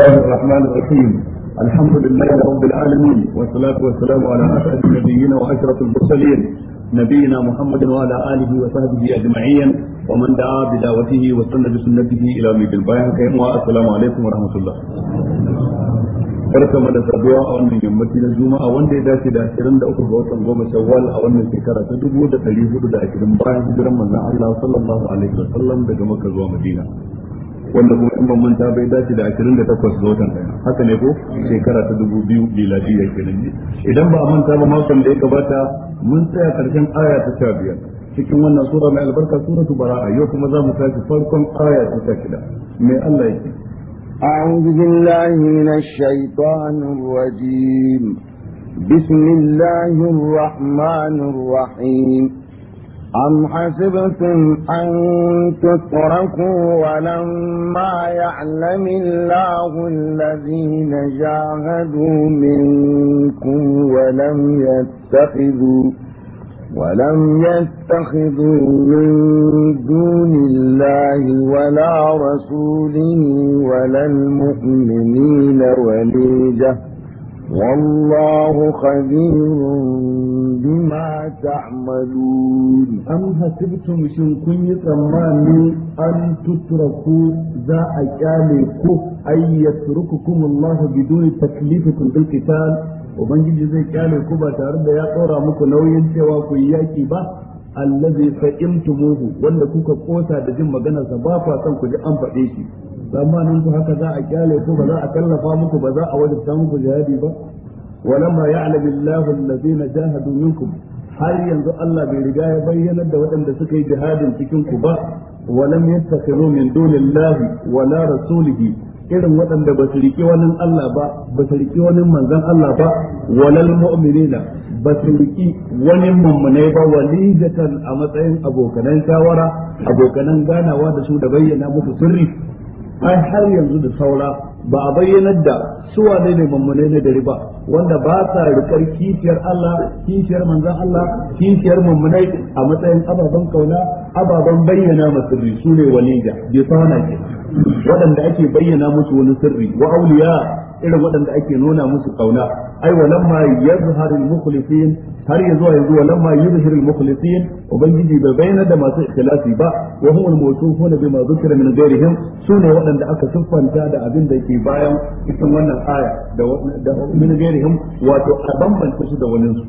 بسم الله الرحمن الرحيم الحمد لله رب العالمين والصلاة والسلام على أشرف النبيين وأشرف المرسلين نبينا محمد وعلى آله وصحبه أجمعين ومن دعا بدعوته واستنى بسنته إلى ميد البيان السلام عليكم ورحمة الله barka da sabuwa a wannan yammaci na juma'a wanda ya dace da ashirin da uku ga watan goma shawwal a wannan shekara ta dubu da ɗari hudu da ashirin bayan hijiran manzon Allah daga Makka zuwa Madina wanda kuma in ban manta bai dace da 28 ga watan ɗaya haka ne ko shekara ta 2000 nan kenan idan ba a manta ba makon da ya gabata mun tsaya karshen aya ta sha biyar. cikin wannan sura mai albarka suratu bara'a yau kuma za mu tashi farkon aya ta shida. Me Allah yake أعوذ بالله من الشيطان الرجيم بسم الله الرحمن الرحيم أم حسبتم أن تتركوا ولما يعلم الله الذين جاهدوا منكم ولم يتخذوا ولم يتخذوا من دون الله ولا رسوله ولا المؤمنين وليجه والله خبير بما تعملون أم حسبتم شن كن يتماني أن تتركوا ذا أجالكم أن يترككم الله بدون تكليفكم بالقتال وبنجي زي كالكم بتارد يا طورا مكو نوين سوا كياكي با الذي فإمتموه وأن كوكا قوتا دجم مغنى سبافا تنكو جأم فإيشي tsammanin ku haka za a kyale ku ba za a tallafa muku ba za a wajabta muku jihadi ba walamma ya'lamu Allahu allazina jahadu minkum har yanzu Allah bai riga ya bayyana da waɗanda suka yi jihadin cikin ku ba walam yattakhidhu min dunillahi wala rasulihi irin waɗanda ba su riƙi wani Allah ba ba su riƙi wani manzon Allah ba walal mu'minina ba su riƙi wani mummunai ba walidatan a matsayin abokanan shawara abokanan ganawa da su da bayyana muku sirri ai har yanzu da saura ba a bayyanar da suwa ne ne na ne da riba wanda ba sa rikar kishiyar Allah kishiyar manzon Allah kishiyar mammune a matsayin ababen kauna ababen bayyana masu sirri su ne walija bi sana ke waɗanda ake bayyana musu wani sirri wa auliya irin waɗanda ake nuna musu kauna ai walamma yazharu al-mukhlisin har yanzu yanzu walamma yuzhiru al-mukhlisin ubangiji bai bayyana da masu ikhlasi ba wa humul mawsufuna bima dhukira min ghairihim sune waɗanda aka siffanta da abin da ke bayan cikin wannan aya da da min ghairihim wato a bambanta su da wani su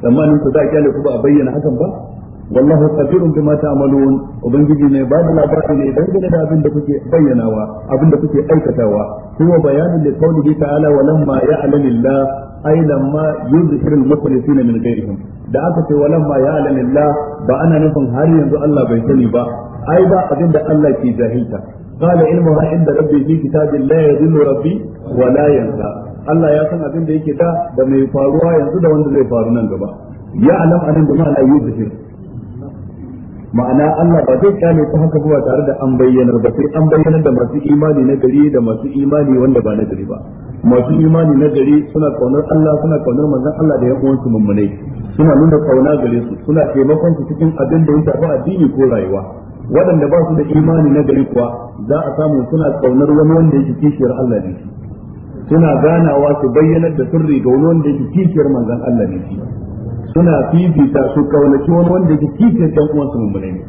tsammanin ku za a kyale ku ba bayyana hakan ba wallahu kafirun bima ta'malun ubangiji mai ba da labari ne dangane da abin da kuke bayyanawa abin da kuke aikatawa kuma bayanin da qaulihi ta'ala wa lamma ya'lamu Allah ay lamma yuzhiru al-mukhlisina min ghayrihim da aka ce wa lamma ya'lamu ba ana nufin har yanzu Allah bai sani ba ai ba abin Allah ke jahilta قال علمها عند ربي في كتاب لا يضل ربي ولا ينسى Allah ya san abin da yake da da mai faruwa yanzu da wanda zai faru nan gaba ya alam anan da ma la yuzhir ma'ana Allah ba zai kyale ta haka bawa tare da an bayyanar ba sai an bayyanar da masu imani na gari da masu imani wanda ba na gari ba masu imani na gari suna kaunar Allah suna kaunar manzon Allah da yan su mummunai suna nuna kauna gare su suna taimakon su cikin abin da ya shafi addini ko rayuwa waɗanda ba su da imani na gari kuwa za a samu suna kaunar wani wanda yake kishiyar Allah ne suna ganawa su bayyanar da sirri ga wani wanda yake kishiyar manzon Allah ne suna fifita su kaunaci wani wanda ke kifin dan uwan su mummune ne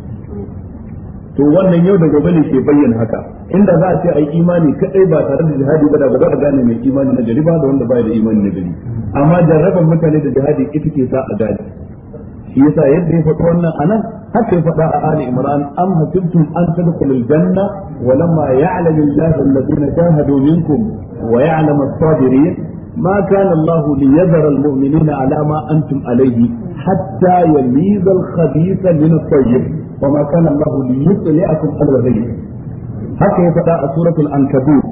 to wannan yau da gobe ne ke bayyana haka inda za a ce ai imani kadai ba tare da jihadi ba da ba za gane mai imani na gari ba da wanda baya da imani na gari amma jarrabar mutane da jihadi ita ke sa a gane shi yasa yadda ya faɗa wannan anan haka ya faɗa a Ali Imran am hasibtum an tadkhulul janna wa lamma ya'lamu Allahu alladhina jahadu minkum wa ya'lamu as ما كان الله ليذر المؤمنين على ما أنتم عليه حتى يميز الخبيث من الطيب وما كان الله ليطلعكم على الغيب هكذا يفتح سورة الأنكبوت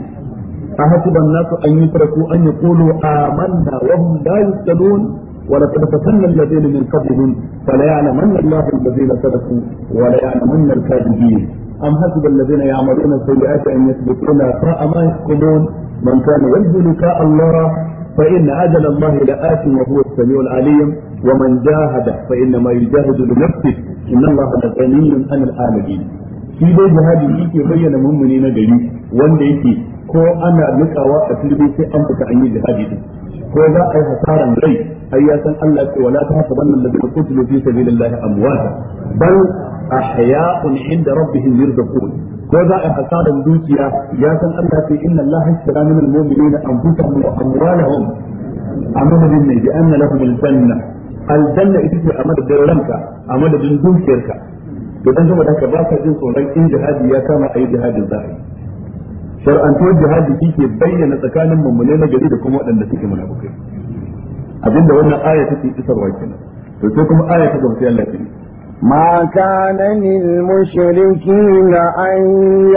أحسب الناس أن يتركوا أن يقولوا آمنا وهم لا يفتنون ولقد فتنا الذين من قبلهم فليعلمن الله الذين صدقوا وليعلمن الكاذبين أم حسب الذين يعملون السيئات أن يسبقونا ساء ما يحكمون من كان يرجو لقاء الله فإن أجل الله لآت وهو السميع العليم ومن جاهد فإنما يجاهد لنفسه إن الله لغني عن العالمين shi dai jihadi yake bayyana mummuni na gari wanda yake ko ana nutsawa a turbi sai an fita an yi jihadi din ko za a yi hasaran rai ai ya Allah ce wala ta haka bannan ladina qutilu fi sabilillahi amwata bal ahya'un inda rabbihim yurzaqun ko za a hasaran dukiya ya san Allah sai inna Allah hasbara min al-mu'minina anfusahum wa amwalahum amma min ne bi anna lahum al-janna al-janna ita ce a madadin ranka a madadin dukiyarka to dan saboda haka ba ka jin tsoron in jihadi ya kama ayi jihadin zahiri shar'antuwar jihadi kike bayyana tsakanin mummune na gari da kuma waɗanda suke abinda wannan aya take isarwa kenan kuma aya ta gamsu Allah ما كان للمشركين أن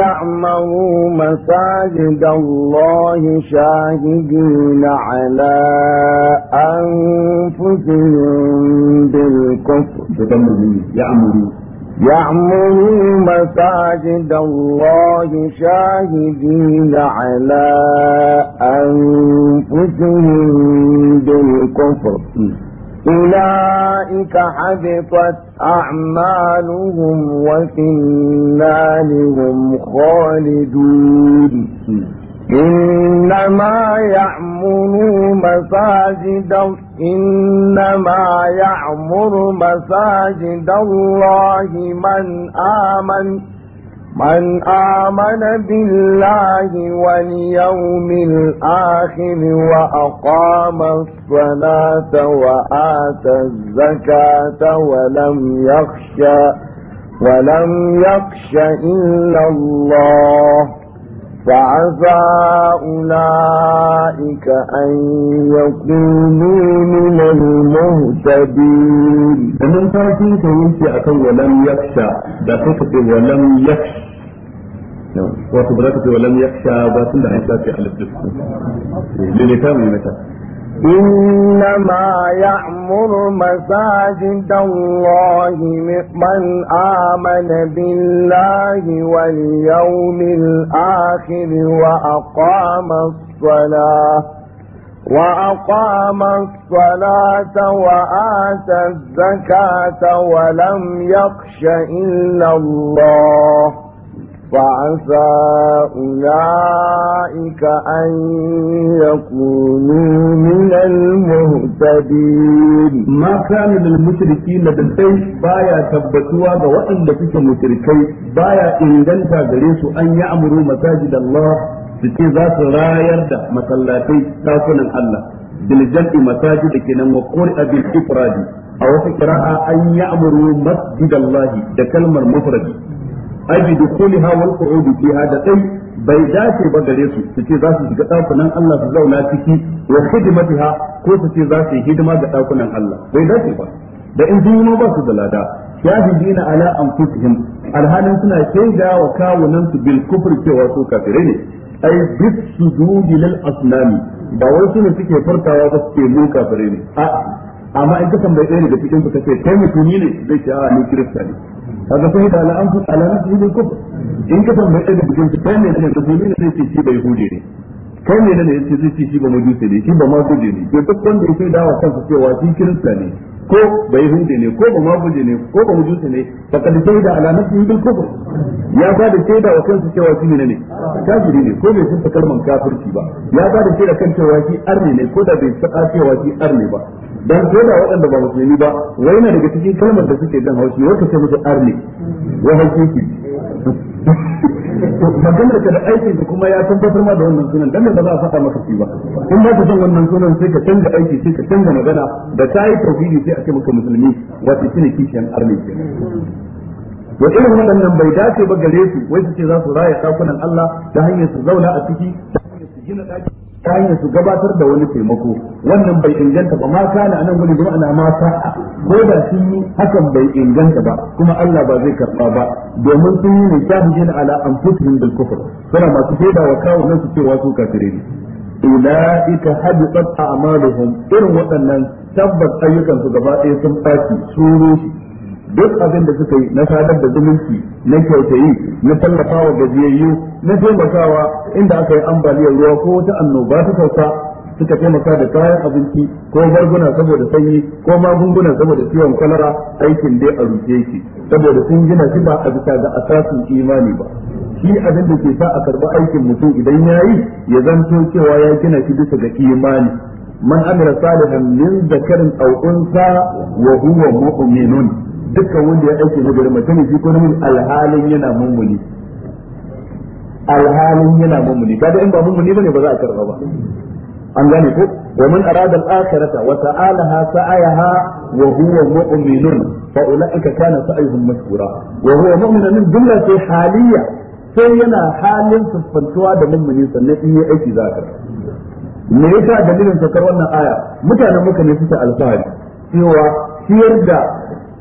يعمروا مساجد الله شاهدين على أنفسهم بالكفر يعمروا مساجد الله شاهدين على أنفسهم بالكفر أولئك حبطت أعمالهم وفي النار هم خالدون إنما يعمر مساجد إنما يعمر مساجد الله من آمن من آمن بالله واليوم الآخر وأقام الصلاة وآتى الزكاة ولم يخشى ولم يخش إلا الله فعسى أولئك أن يكونوا من المهتدين. ومن تأتي ولم يخشى، ولم يخشى wato ba za ka ce wa lam yakhsha ba tun da an shafe alif din ne ne ta mai mata إنما يأمر مساجد الله من آمن بالله واليوم الآخر وأقام الصلاة وأقام الصلاة وآتى الزكاة ولم يخش إلا الله فعسى أولئك أن يكونوا من المهتدين ما كان للمشركين بالبيت بايا تبتوا وإن لفك مشركي بايا إن جنتا جريس أن يأمروا مساجد الله suke za su rayar da masallatai dakunan Allah biljam'i masajid da kenan wa qur'a bil ifradi a wata qira'a an ya'muru masjidallahi da kalmar mufradi aji da koli hawar qu'udu fiha da dai bai dace ba gare su su shiga dakunan Allah su zauna ciki wa khidmatiha ko su ce za hidima ga dakunan Allah bai dace ba da in sun yi ba su da lada shahidina ala anfusihim alhalin suna shaida wa kawunan su bil kufr cewa su kafirai ne ai bis sujudi lil asnami ba wai ne suke furtawa ba suke mu kafirai ne a'a amma in ka tambaye ɗaya daga cikin su kace kai mutumi ne zai ce a kirista ne kaga sai da an fi alamun su bil kufr in ka san mai da bikin su kai ne da yi ne sai shi bai huje ne kai ne ne sai zai ci shi ba majusi ne shi ba ma guje ne ke duk wanda yake dawo kansa cewa shi kirista ne ko bai hunde ne ko ba mabuje ne ko ba mujusi ne ba sai da ala nafsihi bil kufr ya ba da da wa kansa cewa shi ne ne kafiri ne ko bai san ta kalman kafirci ba ya ba da da kan cewa shi arne ne ko da bai saka cewa shi arne ba dan ko da waɗanda ba musulmi ba wai na daga cikin kalmar da suke dan haushi wata ce musu arne wa haushi maganar ka da aikin ka kuma ya tabbatar ma da wannan sunan dan da za a faɗa maka ba in ba ka san wannan sunan sai ka canza aiki sai ka canza magana da ta yi tauhidi sai a ce maka musulmi wato shine kishiyan arni kenan wa irin waɗannan bai dace ba gare su wai su ce za su raya dakunan Allah ta hanyar su zauna a ciki ta hanyar su gina ɗaki ta hanyar su gabatar da wani taimako wannan bai inganta ba ma kana anan gudu zama ana ma sa'a ko da sun yi hakan bai inganta ba kuma Allah ba zai karba ba domin sun yi ne shahidin ala anfusihim bil kufur suna masu shaida wa kawunan su cewa su kafire ne ulaika habitat a'maluhum irin waɗannan tabbas ayyukan su gaba ɗaya sun ɓaci sun rushe duk abin da suka yi na sadar da zumunci na kyautayi na tallafawa gajiyayyu na taimakawa inda aka yi ambaliyar ruwa ko wata annoba ta sauka suka taimaka da kayan abinci ko barguna saboda sanyi ko magunguna saboda ciwon kwalara aikin dai a rufe shi saboda sun gina shi ba a bisa ga asasin imani ba shi abin da ke sa a karɓi aikin mutum idan ya yi ya zanto cewa ya gina shi bisa ga imani man amira salihan min zakarin karin unsa wa huwa mu'minun dukkan wanda ya aiki na gari mace ne shi ko namiji alhalin yana mummuni alhalin yana mummuni kaga in ba mummuni bane ba za a karba ba an gane ko wa man arada al-akhirata wa ta'alaha sa'ayaha wa huwa mu'minun fa ulaika kana sa'yuhum mashkura wa huwa mu'minun min jumla fi haliya sai yana halin siffantuwa da mummuni sannan in yi aiki za ka dalilin sakar wannan aya mutanen muka ne alfahari cewa Siyar da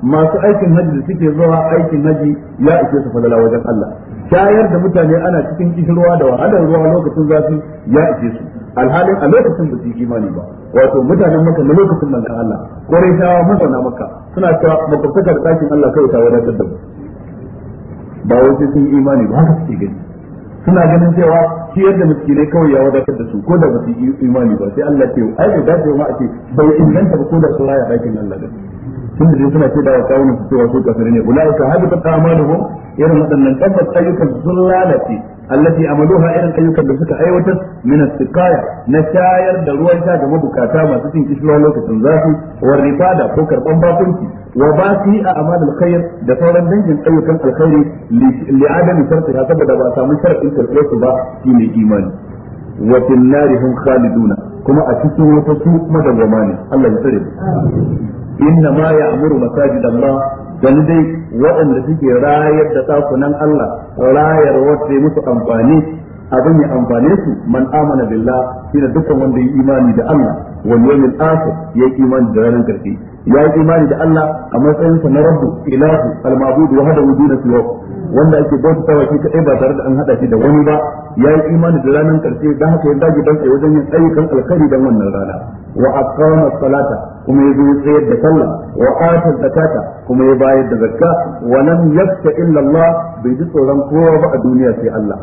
masu aikin haji da suke zuwa aikin haji ya ishe su falala wajen Allah shayar da mutane ana cikin kishirwa da wahalar ruwa lokacin zafi ya ishe su alhalin a lokacin da su yi imani ba wato mutanen maka na lokacin manka Allah kore shawa mazauna maka suna cewa makwabtakar ɗakin Allah kai ta wadatar da mu ba wai sun yi imani ba haka suke gani suna ganin cewa shi yadda miskinai kawai ya wadatar da su ko da ba su yi imani ba sai Allah ce ai da dace ma a ce bai inganta ba ko da su raya ɗakin Allah da su sun da suna ce da wa kawunan su cewa su kafir ne ulaika habitat ko irin waɗannan tabbas ayyukan sun lalace allati amaluha irin ayyukan da suka aiwatar min as-siqaya na shayar da ruwan sha ga mabukata masu cin kishiro lokacin zafi wa rifada ko karban bakunci wa basi a amalul khair da sauran dangin ayyukan alkhairi li adami shartiha saboda ba samu sharadin karɓar su ba shine imani wa fil nari hum khaliduna kuma a cikin wata su madawwama ne Allah ya tsare inna ma ya'muru masajid Allah dan dai waɗanda suke rayar da sakunan Allah rayar wacce musu amfani abin ya amfane su man amana billah shine dukkan wanda ya imani da Allah wal yawmil akhir ya imani da ranar karshe ya yi imani da Allah a matsayin sa na rabbu ilahu al mabud wa hada wujuna siwa wanda ake bauta wa shi kadai ba tare da an hada shi da wani ba ya yi imani da ranar karshe dan haka ya dage dan wajen yin ayyukan alkhairi dan wannan rana wa aqama salata kuma ya zo tsayar da sallah wa da kata kuma ya bayar da zakka wa lam yakta illa Allah bai ji tsoron kowa ba a duniya sai Allah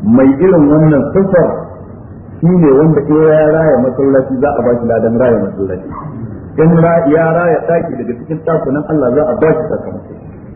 mai irin wannan sifar shine wanda ke ya raya masallaci za a ba shi ladan raya masallaci in ya raya daki daga cikin takunan Allah za a ba shi sakamako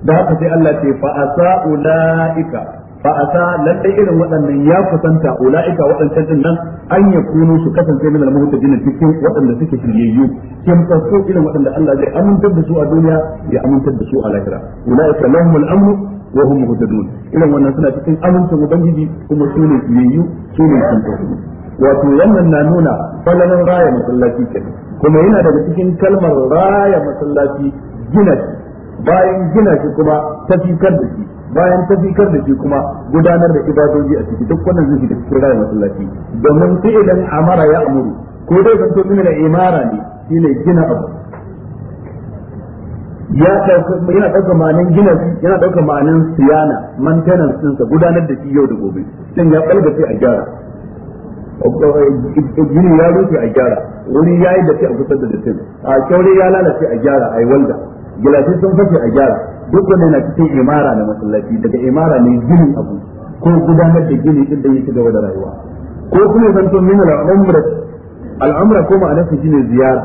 da haka sai Allah ce fa asa ulaika fa sa lalle irin waɗannan ya kusanta ulaika waɗancan din nan an ya kunu su kasance min al-muhtadin cikin waɗanda suke shiryayyu kin fasu irin waɗanda Allah zai amintar da su a duniya ya amintar da su a lahira ulaika lahum al-amru wa hum muhtadun irin wannan suna cikin amincin ubangiji kuma su ne shiryayyu su ne kin wato wannan na nuna falalan raya masallaci kenan kuma yana daga cikin kalmar raya masallaci gina bayan gina shi kuma tafikar da shi bayan tafikar da shi kuma gudanar da ibadoji a ciki duk wannan zuci da cikin rayuwar masallaci domin idan amara ya amuru ko dai zanto min mina imara ne shi ne gina abu ya ɗauka yana ɗauka ma'anin gina yana ɗauka ma'anin siyana maintenance ɗinsa gudanar da shi yau da gobe din ya sai a gyara gini ya rufe a gyara wuri ya yi da a kusa da dattin a kyaure ya lalace a gyara a yi walda gilashi sun fashe a gyara duk wanda yana cikin imara na masallaci daga imara ne ginin abu ko gudanar da gini din da yake gaba da rayuwa ko kuma zanto min al'umra al'umra ko ma'anar su shine ziyara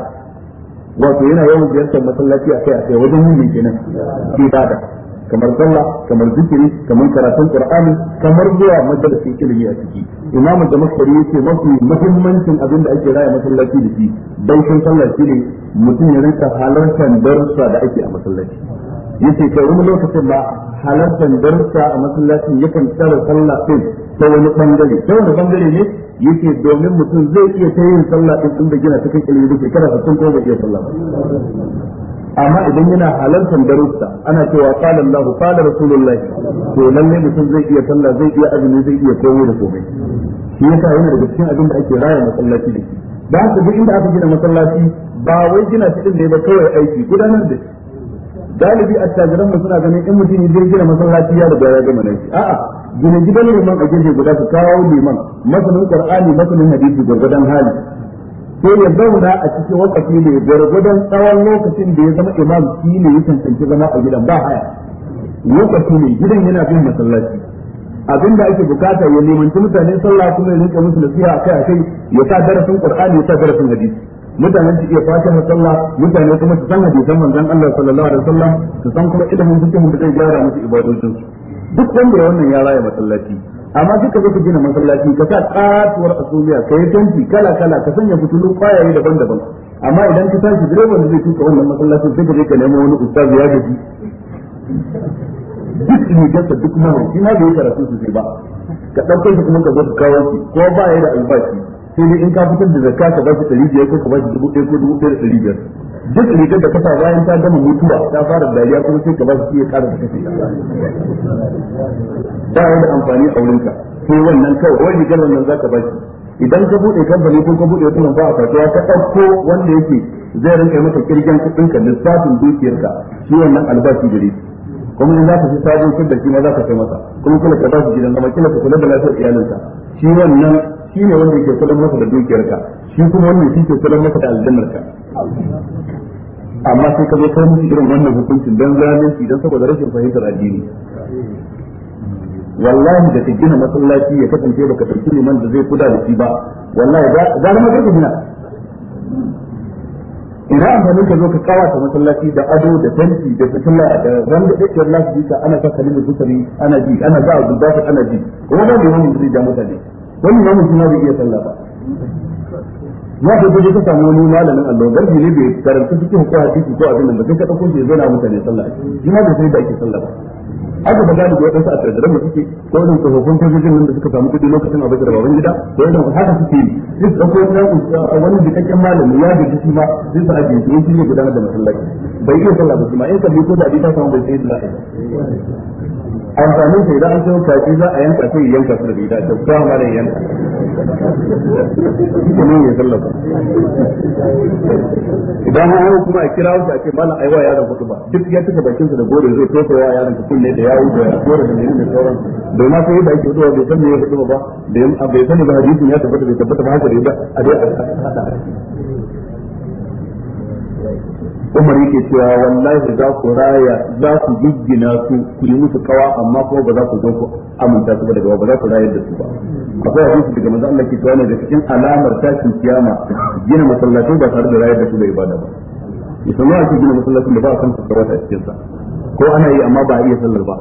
wato yana yawan ziyartar masallaci akai akai wajen yin kenan ibada kamar sallah kamar zikiri kamar karatun qur'ani kamar zuwa madrasar ilimi a ciki imam da makari yace mafi muhimmancin abin da ake raya masallaci da shi daukin sallah shine mutum ya rinka halartar darussa da ake a masallaci yace kai wani lokacin ba halartar darussa a masallaci yakan tsara sallah din ta wani bangare ta wani bangare ne yake domin mutum zai iya ta yin sallah din tun da gina cikin ilimi da shekara 60 ko bai iya sallah ba amma idan yana halartar darussa ana cewa qala Allahu qala Rasulullah to lalle mutum zai iya sallah zai iya azumi zai iya komai da komai shi yasa yana daga cikin abin da ake raya masallaci da shi da haka duk inda aka gina masallaci ba wai gina shi din ne ba kawai aiki gudanar da shi galibi attajiran mu suna ganin in mutum ya gina masallaci ya riga ya gama nan shi a'a gina gidan liman a gefe guda su kawo liman masanin qur'ani masanin hadisi gurgudan hali sai ya zauna a cikin wakafi ne gwargwadon tsawon lokacin da ya zama imam shi ne ya cancanci zama a gidan ba haya lokaci ne gidan yana bin masallaci da ake bukata ya nemanci mutane sallah kuma ya rinka musu nasiha akai akai ya sa darasin qur'ani ya sa darasin hadisi mutanen su iya fatiha sallah mutane kuma su san hadisan manzon Allah sallallahu alaihi wasallam su san kuma ilimin fiqh da zai gyara musu ibadocin su duk wanda wannan ya raya masallaci amma duka zai gina masallaci ka sa katuwar asumiya ka yi tanti kala kala ka sanya fitilu kwayaye daban-daban amma idan ka tashi direban da zai tuka wannan masallacin sai ka je ka nemo wani ustazu ya gaji duk rigarsa duk mahau shi ma bai karatu sosai ba ka ɗauko shi kuma ka zo ka kawo shi ko ba ya da albashi sai dai in ka fitar da zakka ka ba shi ɗari biyar ko ka ba shi dubu ɗaya ko dubu ɗaya da ɗari biyar duk rigar da kasa bayan ta gama mutuwa ta fara dariya kuma sai ka ba su iya ƙara da kashe ba ya da amfani a wurinka sai wannan kawai wani rigar wannan za ka ba shi idan ka buɗe kamfani ko ka buɗe wata ba a fasuwa ka ɗauko wanda yake zai rinka maka kirgen kuɗinka lissafin dukiyarka shi wannan albashi gare shi kuma in za ka fi sabon sun da shi ma za ka kai masa kuma kula ka ba shi gidan zama kila ka kula da lafiyar iyalinka shi wannan shi ne wanda yake kula masa da dukiyarka shi kuma wannan shi ke kula masa da aljannarka amma sai ka zo kai musu irin wannan hukuncin dan zalunci dan saboda rashin fahimtar addini wallahi da ka gina masallaci ya kasance baka ɗauki liman da zai kuda da shi ba wallahi za ma kake gina ina amfanin ka zo ka kawata masallaci da ado da tanti da fitila da randa da kiyar lafi ka ana ka kalimu kusari ana ji ana za a gudafa ana ji kuma da mai wani zai ja mutane wani wani suna bai iya sallah ba ya ka je ka samu wani malamin Allah garbi ne bai karanta cikin ko hadisi ko abin da ba sai ka dauko shi zo na mutane sallah shi ma bai sai da ake sallah ba aka ba gani ga wadansu a tarjara da suke ko irin tsofaffin sojojin nan da suka samu kudi lokacin a bakar babban gida ko irin haka suke yi sai su dauko wani jikakken malami ya gaji shi ma sai su ajiye shi shi ne gudanar da masallaci bai iya sallah ba shi ma in kalli ko da abin ta samu bai sai da lafiya amfanin sa idan an sayo kaji za a yanka sai yanka su da bi da ba ma da yanka kuma ne sallama idan an hawo kuma a kira wasu a ce mallan aiwa yaron kudu ba duk ya tuka bakin sa da gore zai tofa wa yaron ka ne da yawo da gore da menene da sauran da ma sai da yake zuwa bai san me ya kudu ba da bai san da hadisin ya tabbata bai tabbata ba haka da a dai a umar yake cewa wallahi za ku raya za ku giggina su ku yi musu kawa amma kuma ba za ku zo ku aminta su ba daga ba za ku rayar da su ba akwai hadisi daga manzo Allah ke cewa ne da cikin alamar tashin kiyama gina masallacin ba tare da rayar da su da ibada ba idan ma ake gina masallacin da ba a san tsarata cikin sa ko ana yi amma ba a iya sallar ba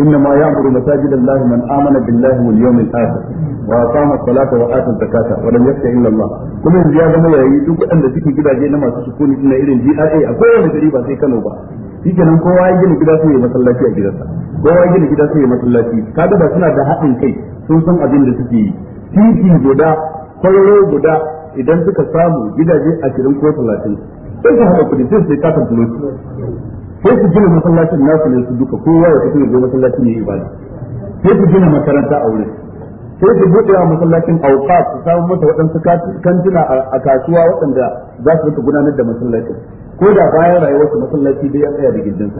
إنما يعبر مساجد الله من آمن بالله واليوم الآخر وأقام الصلاة وآتى الزكاة ولم يخشى إلا الله كل زيادة ما يجوك أن تكي كده جينا ما تسكوني إن إلين جي آئي أقوى غريبة سي كانوا بها shi kenan kowa ya gina gida sai ya masallaci a gidansa kowa ya gina gida sai ya masallaci kadaba suna da haɗin kai sun san abin da suke yi titi guda kwallo guda idan suka samu gidaje ashirin ko talatin sai haɗa kuɗi sai sai ka sai su gina masallacin nasu ne su duka kowa ya fito ya je masallacin ya yi ibada sai su gina makaranta a wurin sai su buɗe wa masallacin auqat su samu mata waɗansu kantuna a kasuwa waɗanda za su rika gudanar da masallacin ko da bayan su masallaci dai ya tsaya da su.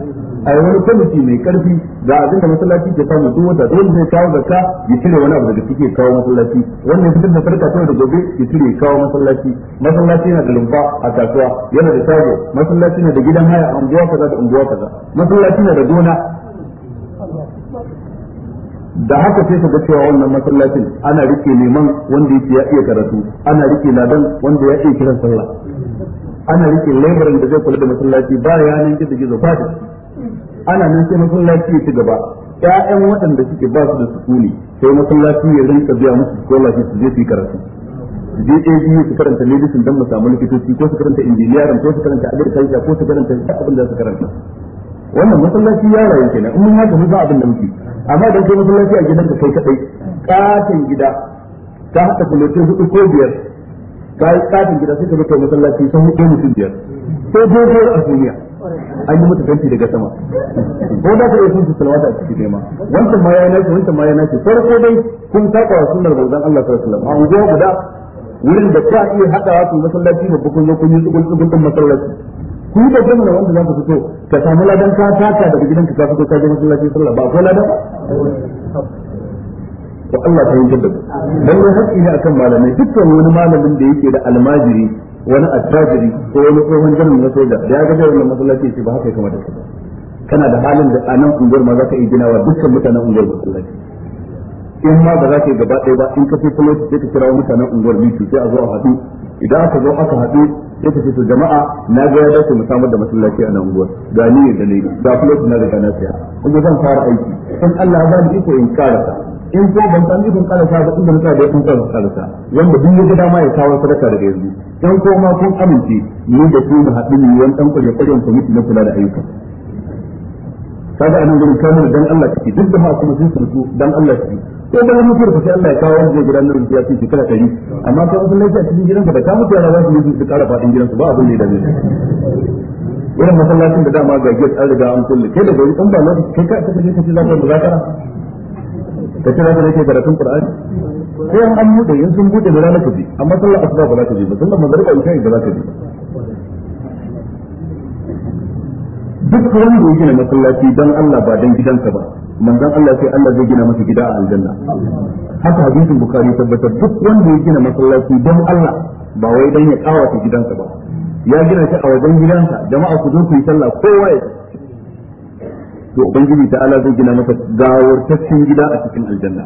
a yi wani kwamiti mai karfi ga abinda masallaci ke samun duk wata dole zai kawo zakka ya cire wani abu daga cikin kawo masallaci wannan fitar da farka ta da gobe ya cire kawo masallaci masallaci na da lumba a kasuwa yana da shago masallaci na da gidan haya a unguwa kaza da unguwa kaza masallaci na da gona da haka sai ka ga cewa wannan masallacin ana rike neman wanda yake ya iya karatu ana rike ladan wanda ya iya kiran sallah ana rike labarin da zai kula da masallaci ba yanan gizo gizo ba da ana nan sai masallaci ya ci gaba ƴaƴan waɗanda suke ba su da sukuni sai masallaci ya rinka biya musu scholarship su je su yi karatu su je ABU su karanta medicine don mu samu likitoci ko su karanta engineering ko su karanta agriculture ko su karanta abin da su karanta wannan masallaci ya rayu kenan in mun haka mu ba abin da muke amma idan kai masallaci a da kai kadai katin gida ta haɗa kulotin hudu ko biyar kai katin gida sai ka zo kai masallaci sun hudu mutum biyar sai dogon a duniya an yi mata kanti daga sama ko da kai sun salawata a cikin nema wancan ma ya nace wancan ma yayi nashi farko dai kun saka wa sunnar manzon Allah sallallahu alaihi wasallam a unguwa guda wurin da ka iya hadawa wa masallaci babba kun zo kun yi tsugun tsugun masallaci ku yi babban da wanda za ku fito ka samu ladan ka taka daga gidan ka fito ka je masallaci sallah ba ko ladan ko Allah ta yanke da dan ne hakki ne akan malamai dukkan wani malamin da yake da almajiri wani attajiri ko wani tsohon jarin na soja da ya ga wannan masallaci shi ba haka ya kamata ka kana da halin da a nan unguwar ma za ka yi ginawa dukkan mutanen unguwar masallaci in ma ba za ka yi gaba ɗaya ba in ka fi fuloti sai ka kira mutanen unguwar mitu sai a zo a haɗu idan aka zo aka haɗu sai ka to jama'a na ga ya dace mu samar da masallaci a nan unguwar ga ni da ni ga fulot na da na siya kuma zan fara aiki san Allah ba ni iko in karasa in ko ban san ikon karasa ba inda na da kun tsaya karasa wanda duk ya ga dama ya kawo sadaka da yanzu dan ko ma kun amince ni da ku da haɗu ni wani dan kwaje kwajen komiti na kula da ayyuka kaga anan gurin kamar dan Allah kake duk da ma kuma sun su dan Allah kake ko da wani firka sai Allah ya kawo wanda gidan nan ya fi ta ɗari amma sai wasu laifi a cikin ka da ka mutu yara za su yi su ƙara gidan gidansu ba abin da ya dame su irin masallacin da dama ga gate an riga an kulle kai da gari in ba lokaci kai ka ta kaje ka ce za ka muzakara ka ce da ka rike karatun Qur'ani sai an an bude yanzu mun gode da ranar ka je amma sallar asuba ba za ka je ba sallar magriba in kai ba za ka je duk wanda yake gina masallaci dan Allah ba dan gidansa ba manzon Allah sai Allah zai gina masa gida a aljanna haka hadisin bukari tabbatar duk wanda ya gina masallaci don Allah ba wai dan ya kawata gidansa ba ya gina shi a wajen gidansa jama'a ku zo ku yi sallah kowa ya to ubangiji ta Allah zai gina masa gawartaccen gida a cikin aljanna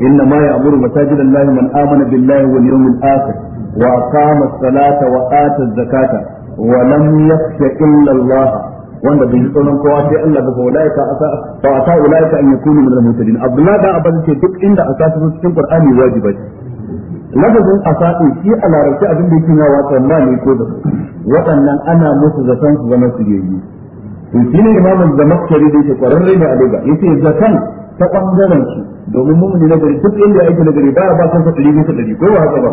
inna ma ya'muru masajidallahi man amana billahi wal yawmil akhir wa aqama as-salata wa ata az-zakata wa lam yakhsha illa Allah wanda bai tsoron kowa sai Allah ba ulaika asa fa ata ulaika an yakunu min al-muhtadin Abdullah da Abbas ce duk inda asa ta cikin Qur'ani wajibi lafazin asa din shi a larabci abin da yake nawa tsamba ne ko da waɗannan ana musu zaton su zama su yi. to shi ne imamu da makkari da yake kwararre ne a daga yace zakan ta bangaren su domin mumuni na gari duk inda aiki na gari ba ba san sa dari bisa dari ko ba haka ba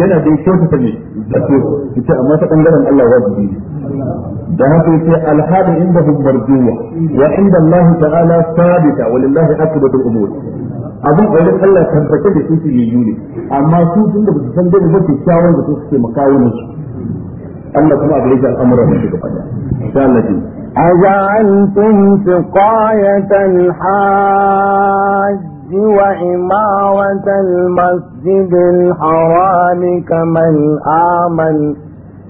yana da kyautu ta ne zato ita amma ta bangaren Allah wajibi ne da haka yake alhadu indahum marjuwa wa inda Allah ta'ala sabita walillahi akbarul umur abin ƙwairin Allah kan fake da su yi ne amma su tun da san dai ba su kyawun da su suke makawo ne Allah kuma abin da al'amuran da su gaba da Allah أجعلتم سقاية الحاج وعمارة المسجد الحرام كمن آمن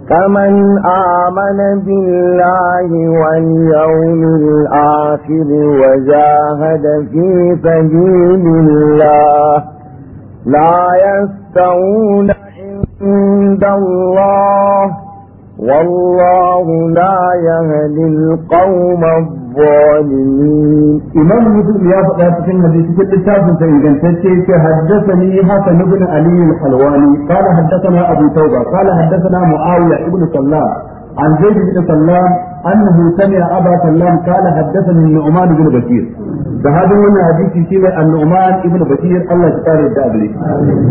كمن آمن بالله واليوم الآخر وجاهد في سبيل الله لا يستوون عند الله والله لا يهدي القوم الظالمين إمام مسلم يا فتاة في الحديث في الكتاب سيدا تشيك حدثني حسن بن علي الحلواني قال حدثنا أبو توبة قال حدثنا معاوية بن سلام عن زيد بن سلام أنه سمع أبا سلام قال حدثني النعمان بن بشير فهذا هو حديث سيما النعمان بن بشير الله تعالى الدابري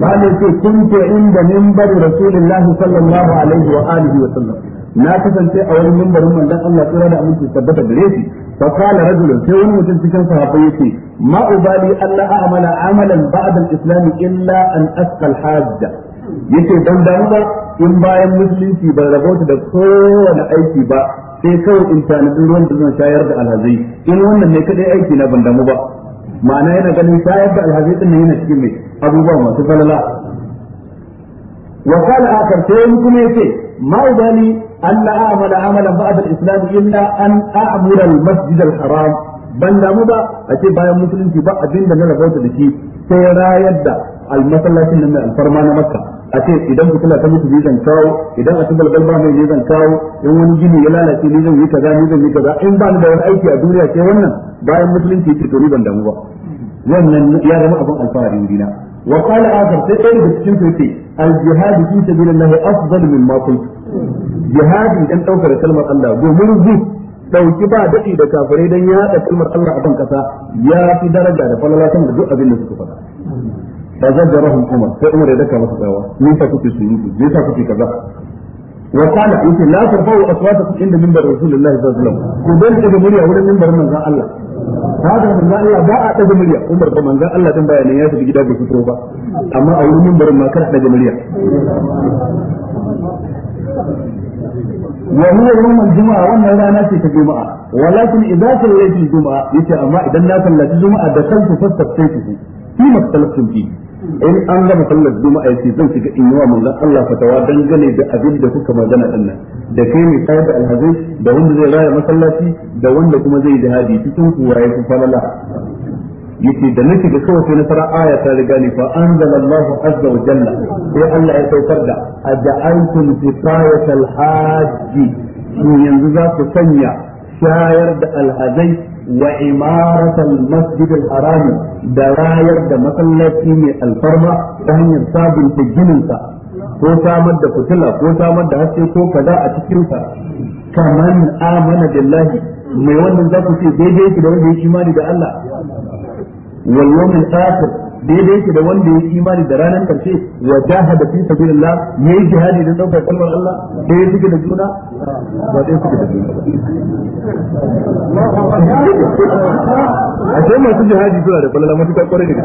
قال كنت عند منبر رسول الله صلى الله عليه وآله وسلم na kasance a wani mimbarin manzon Allah tsira da aminci tabbata gare shi fa qala rajulun sai wani mutum cikin sahabbai yace ma ubali alla a'mala amalan ba'da al illa an asqa hajja yace dan damu ba in bayan musulunci ban rabauta da kowane aiki ba sai kawai in tanadin ruwan da zan shayar da alhazai in wannan ne kadai aiki na ban damu ba ma'ana yana ganin shayar da alhazai din yana cikin mai abubuwa masu falala wa qala sai kuma yace ma ubali an la a'mala amalan ba'd al-islam illa an a'mura al-masjid al-haram ban damu ba a ce bayan musulunci ba abin da na rabauta da shi sai rayar da almasallacin nan mai alfarma na makka a ce idan fitila ta mutu zan kawo idan a tubal galba mai ne zan kawo in wani gini ya lalace ne zan yi kaza ne zan yi kaza in ba ni da wani aiki a duniya sai wannan bayan musulunci yake to ban damu ba wannan ya zama abin alfahari wurina wa qala akhar sai ɗaya daga cikin su yace al jihad fi sabilillah afdal min ma kuntu jihadi dan daukar kalmar Allah domin zuwa dauki ba daɗi da kafirai don ya haɗa kalmar Allah a kan ƙasa ya fi daraja da falala da duk abin da suka faɗa ba zan da rahun umar sai umar ya daka masa tsawa me yasa kuke surutu me yasa kuke kaza wa kana yace la tarfa'u aswatakum inda minbar rasulullahi sallallahu alaihi wasallam ku dan daga murya wurin minbarin manzon Allah haka manzon Allah ba a daga murya umar ba manzon Allah dan bayanin ya tafi gida bai fito ba amma a wurin minbarin ma kada daga murya وهو يوم الجمعة وانا لا ناتي في الجمعة ولكن إذا صليت الجمعة يتي أما إذا لا صليت الجمعة دخلت فاستفتيته فيما اختلفتم فيه in an gama sallar a yace zan shiga in yi wa Allah fatawa dangane da abin da kuka magana din nan da kai mai tsayar da alhazai da wanda zai raya masallaci da wanda kuma zai jihadi cikin kuwa ya falala yake da nake da kawai sai na fara aya ta riga ni fa anzala Allah azza wa jalla sai Allah ya saukar da aja'altum sifayatal hajji yanzu za ku sanya shayar da alhazai wa imaratal masjid al-haram da rayar da masallaci mai alfarma ta hanyar sabunta gininsa ko samar da fitila ko samar da haske ko kaza a cikinsa kaman amana billahi mai wannan za ku ce daidai ki da wanda ya imani da Allah wal yawmil daidai yake da wanda ya imani da ranar karshe wa jahada fi sabilillah yi jihadi da dauka kalmar Allah ya suke da juna ba dai suke da juna a sai masu jihadi suna da falala matuƙa kwarai da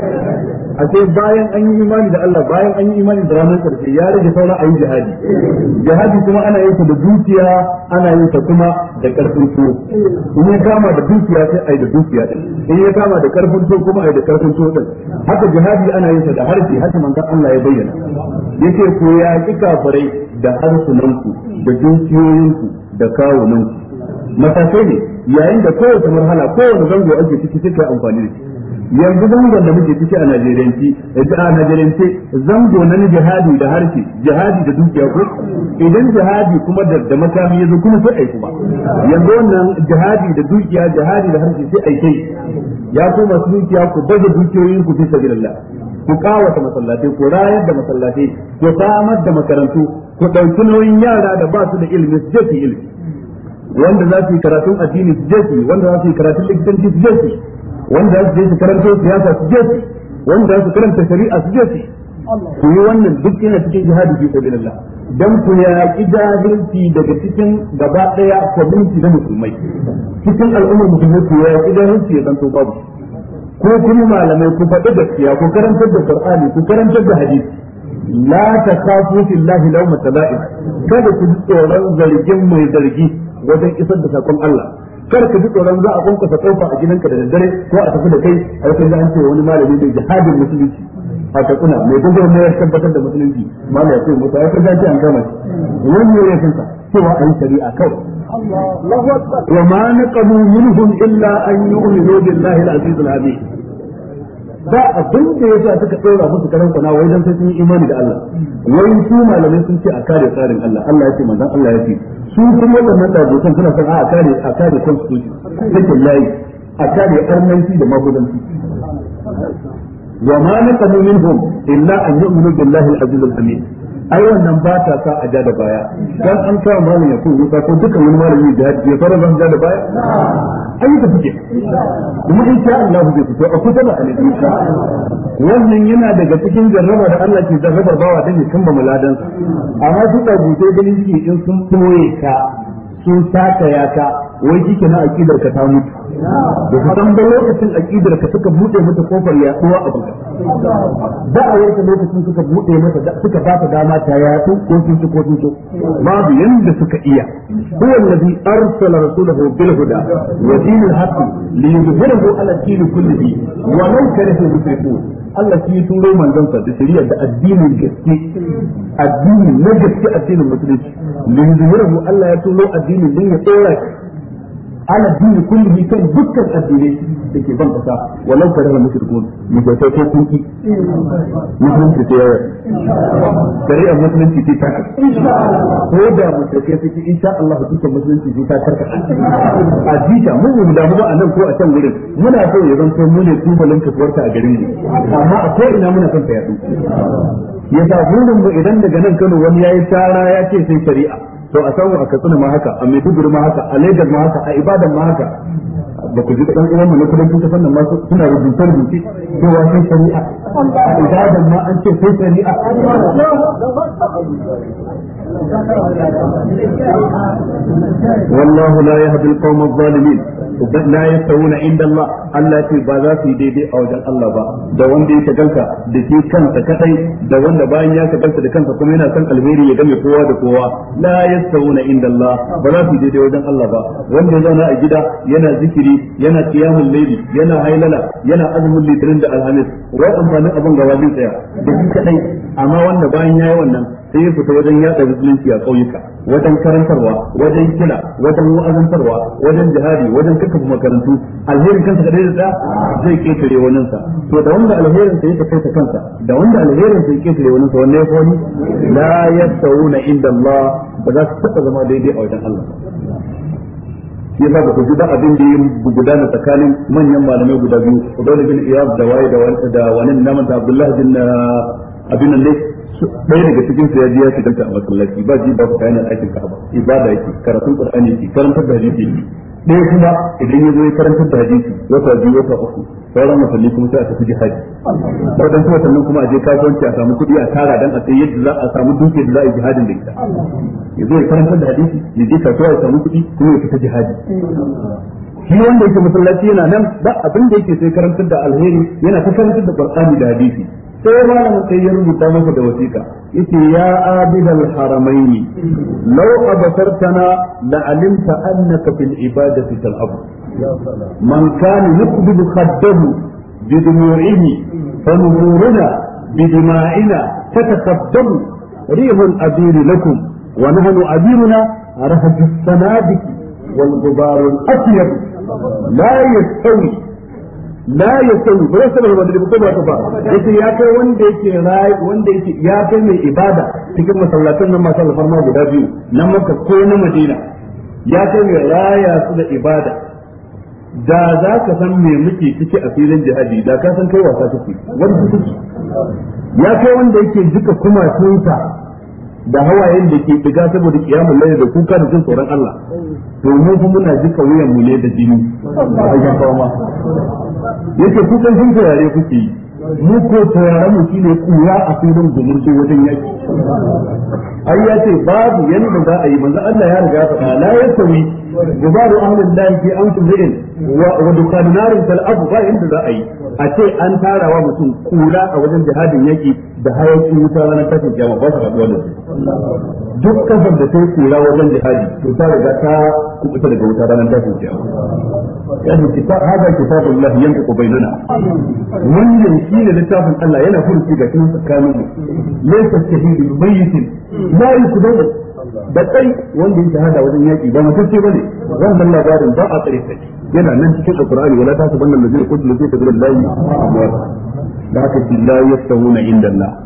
a sai bayan an yi imani da Allah bayan an yi imani da ranar karshe ya rage saura a yi jihadi jihadi kuma ana yin sa da dukiya ana yin sa kuma da karfin to in ya kama da dukiya sai a yi da dukiya in ya kama da karfin to kuma a yi da karfin to din haka haka jihadi ana yin sa da harshe haka manzon Allah ya bayyana yake ko ya ki kafirai da harsunanku da dukiyoyinku da kawunanku matakai ne yayin da kowace marhala kowace zango ake ciki suka amfani da shi yanzu zangon da muke ciki a najeriyanci eh, a najeriyanci zango na ni jihadi da harshe jihadi da dukiya ko idan jihadi kuma da da makami yazo kuma sai ai kuma yanzu wannan jihadi da dukiya jihadi da harshe sai ai kai ya ku masu dukiya ku baje dukiyoyin ku fi sabilillah ku kawata masallatai ku rayar da masallatai ku samar da makarantu ku ɗauki nauyin yara da ba su da ilimi su je su ilimi wanda za su yi karatun addini su je su wanda za su yi karatun likitanci su je su wanda za su je su karanto siyasa su je su wanda su karanta shari'a su je su yi wannan duk ina cikin jihadi fi sabilillah dan ku ya jahilci daga cikin gaba daya community na musulmai cikin al'ummar musulmai ku ya jahilci ya zanto babu ko kuma malamai ku faɗi gaskiya ku karantar da qur'ani ku karantar da hadisi la takafu fillahi lawma tala'ib kada ku ji tsoron zargin mai zargi wajen isar da sakon Allah kar ka ji tsoron za a kwankwasa kofa a gidanka da daddare ko a tafi da kai a yakan ga ce wani malami da jihadin musulunci a takuna mai gudunar mayar tabbatar da musulunci malam ya ce musa ya kaga ce an kama shi wani ne ya sanka cewa an shari'a kawai wa ma naqabu minhum illa an yu'minu billahi al-aziz al-hamid ba abin da ya sa suka tsora musu karan kuna wai dan sai sun imani da Allah wai su malamai sun ce a kare tsarin Allah Allah ya ce manzon Allah ya ce su kuma wannan dajutan suna son a kare a kare constitution take layi a kare arnanci da magudanci wa ma naqamu minhum illa an yu'minu billahi al-aziz ba ta sa a ja da baya dan an kawo malamin ya kuma ko dukkan wani malami da ya fara ban ja da baya wannan yana daga cikin jarraba da Allah ke jarrabar bawa dan ya kammala ladansa amma su da gute ganin in sun toye ka sun saka ya ka wai shi kenan aqidar ka ta mutu da ka san ba lokacin aqidar ka suka bude mata kofar yaduwa abu da a yanka lokacin suka bude mata suka ba ta dama ta ya yadu ko sun ko sun babu yanda suka iya na allazi arsala rasulahu bil huda wa dinil haqqi li yuzhirahu ala din kullihi wa law kariha al mushrikun Allah shi turo manzon sa da shari'a da addinin gaske addinin na gaske addinin musulunci li yuzhirahu Allah ya turo addinin din ya tsora ala dini kullihi kan dukkan addinai da ke ban kasa walau kare da mushrikun mu ko sai ko kunki musulunci ce yawa a musulunci ce ta ko da mushrike suke insha Allah dukkan musulunci ce ta karka a jita mu mu da a nan ko a can gurin muna so ya zanto mu ne tubalin kasuwarta a garin mu amma a ko ina muna son ta yadu yasa gurin mu idan daga nan Kano wani yayi tara ya ce sai shari'a to a samu a katsina ma haka a maiduguri ma haka a lagos ma haka a ibadan ma haka ba ku ji da ɗan uwan mu na kudancin ta fannin masu suna rubuce rubuce cewa sai shari'a a ibadan ma an ce sai shari'a والله لا يهدي القوم الظالمين لا يستوون عند الله Allah ce ba za su daidai a wajen Allah ba da wanda ya shagalta da ke kansa kadai da wanda bayan ya shagalta da kansa kuma yana son alheri ya game kowa da kowa la yastawuna inda Allah ba za su yi daidai wajen Allah ba wanda ya zauna a gida yana zikiri yana qiyamul layli yana hailala yana azumin litinin da alhamis wai amfanin abin gaba zai tsaya da amma wanda bayan yayi wannan sai ya fita wajen yada musulunci a ƙauyuka wajen karantarwa wajen kila wajen wa'azantarwa wajen jihadi wajen kakkafa makarantu alherin kansa kadai da zai ketare wannan sa to da wanda alherin sa yake kai kansa da wanda alherin sa yake ketare wannan sa wannan yafi la yastawuna inda Allah ba za su taba zama daidai a wajen Allah shi ba ku ji ba abin da yin gudana tsakanin manyan malamai guda biyu Ubayd bin Iyad da waye da wani da wani namanta Abdullah bin ah, abin nan ne ɗaya daga cikin su ya ji ya shiga a masallaci ba ji ba ku kayan aikin ka ba ibada yake karatun qur'ani yake karantar da hadisi yake ɗaya kuma idan ya zo ya karantar da hadisi wata biyu wata uku sauran masalli kuma sai a tafi jihadi sauran kuma sannan kuma a je kasuwanci a samu kuɗi a tara dan a sai yadda za a samu duke da za a yi jihadin da ita ya zo ya karantar da hadisi ya je kasuwa ya samu kuɗi kuma ya fita jihadi shi wanda yake masallaci yana nan ba abin da yake sai karantar da alheri yana ta karantar da qur'ani da hadisi sai malamin sai ya rubuta masa da wasiƙa yace ya abidal haramaini law abasartana la alimta annaka fil ibadati tal'ab man kana yuqbidu khaddahu bi dumu'ihi fa nuruna bi dima'ina tatakaddamu rihun abiri lakum wa nahnu abiruna rahatu sanadiki wal gubar al la yastawi la sai ba zai saboda wanda ko ba ta ba yace ya kai wanda yake rai wanda yake ya kai mai ibada cikin masallatan nan masallar farma guda biyu na Makka ko na Madina ya kai mai raya su da ibada da za ka san me muke ciki a filin jihadi da ka san kai wasa kake wani kuke ya kai wanda yake duka kuma tunta da hawayen da ke diga saboda kiyamun laye da kuka da jin tsoron Allah to mu kuma muna jika wuyan mu ne da jini yake ku kan jin turare kuke yi mu ko mu shine kura a filin gumurci wajen yaki ai ya ce babu yanda za a yi manzo Allah ya riga ya faɗa la yasawi gubaru ahlul lahi fi anfusihim wa dukkan narin fal afqa inda za a yi a ce an tarawa mutum kula a wajen jihadin yaki da hayakin wuta ranar tashin kiyama ba su haɗuwa da duk kafar da ta yi kura wajen jihadi to ta riga ta kubuta daga wuta ranar tashin kiyama yani kitab hada kitabullah yanqu bainana littafin Allah yana furuci ga cikin tsakaninmu laysa da kai wanda ya hada wajen yaki ba mutum ce bane wannan labarin ba a tsare sai yana nan cikin alqur'ani wala ta sabanna allazina qutilu fi sabilillahi da haka la yastawuna inda Allah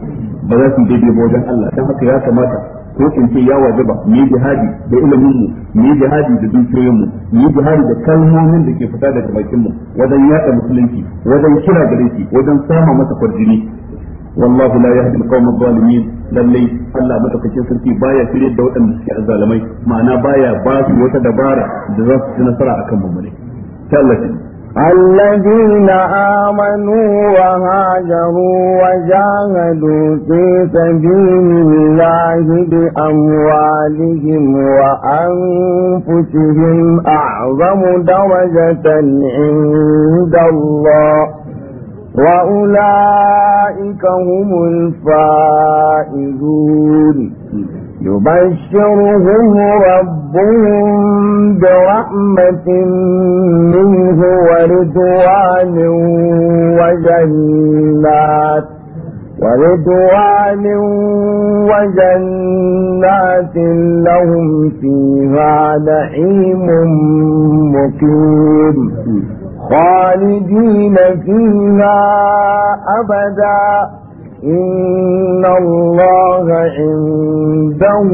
ba za su daidai ba wajen Allah dan haka ya kamata ko in ce ya wajaba mu jihadi da ilimin mu mu jihadi da dukiyoyin mu mu jihadi da kalmomin da ke fita daga bakin mu wajen yada musulunci wajen kira gare shi wajen sama masa kwarjini Wallafila ya haɗu da ƙaunar waliyyai lallai Allah maɗakacin sarki ba ya fi yadda waɗanda ita a zalamai ma'ana baya basu da wasu nasara a kan mummuneku. Allahina amanu wa hajarwu wa jihar Dutse sabbin zahidi amwalihinmu wa an fi shi a zama damar jantan inda mu وأولئك هم الفائزون يبشرهم ربهم برحمة منه ورضوان وجنات ورضوان وجنات لهم فيها نعيم مقيم خالدين فيها أبدا إن الله عنده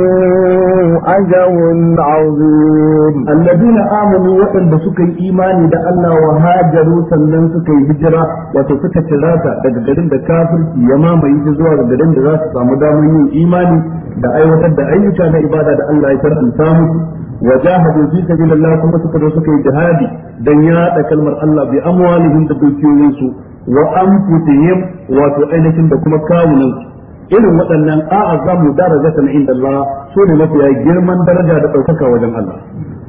أجر عظيم الذين آمنوا وإن بسكي إيماني دا الله وهاجروا سنن سكي هجرة وتسكى تلاسة دا قدرين دا كافر يما ما يجزوا دا قدرين دا راسة سامدامين إيماني دا أيوة دا أيوة دا إبادة دا الله يسرح السامد وجاهدوا في سبيل الله كما سكدوا سكي جهادي دنيا كلمة الله بأموالهم تدوكيوين سو وأنفسهم وتؤينهم بكما كاونين irin waɗannan a'azamu darajatan inda Allah su ne mafiya girman daraja da ɗaukaka wajen Allah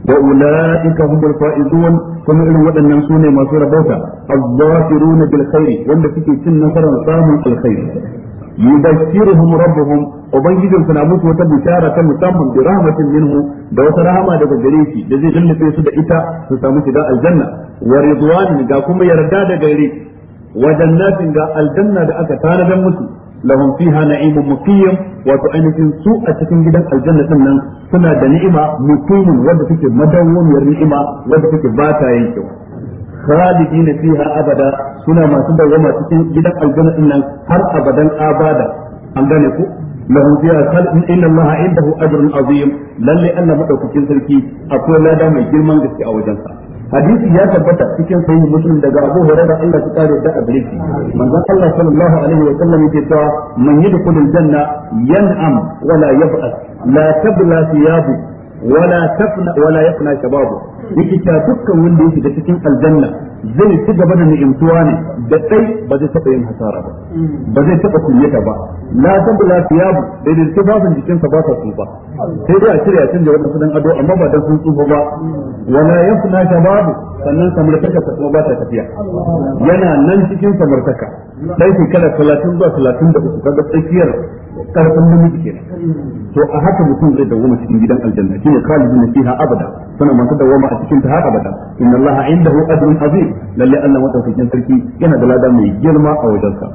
wa ulaika humul faizun kuma irin waɗannan su ne masu rabauta az-zafiruna bil khair wanda suke cin nasarar samun alkhairi yubashshiruhum rabbuhum ubangijin suna musu wata bishara ta musamman bi rahmatin minhu da wata rahama daga gare shi da zai dinnufe su da ita su samu shiga aljanna wa ridwan ga kuma yarda da gare wa jannatin ga aljanna da aka tanadar musu lahum fiha na'imun muqim wato ainihin su a cikin gidan aljanna din nan suna da ni'ima muqimin wanda take madawwamiyar ni'ima wanda take ba ta yankewa khalidina fiha abada suna masu dawama cikin gidan aljanna din nan har abadan abada an gane ku lahum fiha khalidun inna allaha indahu ajrun azim lalle Allah madaukakin sarki akwai lada mai girman gaske a wajensa hadisi ya tabbata cikin sahih muslim daga Abu Hurairah Allah ta kare da abriki manzon Allah sallallahu alaihi wa sallam yake cewa man yadkhulul janna yan'am wala yab'as la tabla thiyabu wala tafna wala yafna shababu yake ta dukkan wanda yake da cikin aljanna zai ci gaba da ni'imtuwa ne da dai ba zai taba yin hasara ba ba zai taba kunyata ba la tabu la tiyabu da da tibabin jikin sa ba ta tsufa sai dai a shirya a da wannan sunan ado amma ba da sun tsufa ba wala yafna shababu sannan samartaka ta kuma ba ta tafiya yana nan cikin samartaka sai shekara talatin zuwa talatin da uku kaga tsakiyar karfin namiji kenan to a haka mutum zai dawoma cikin gidan aljanna shine khalidun fiha abada suna masu dawoma a cikin ta har abada inna allaha indahu ajrun azim lalle Allah madaukakin sarki yana da lada mai girma a wajensa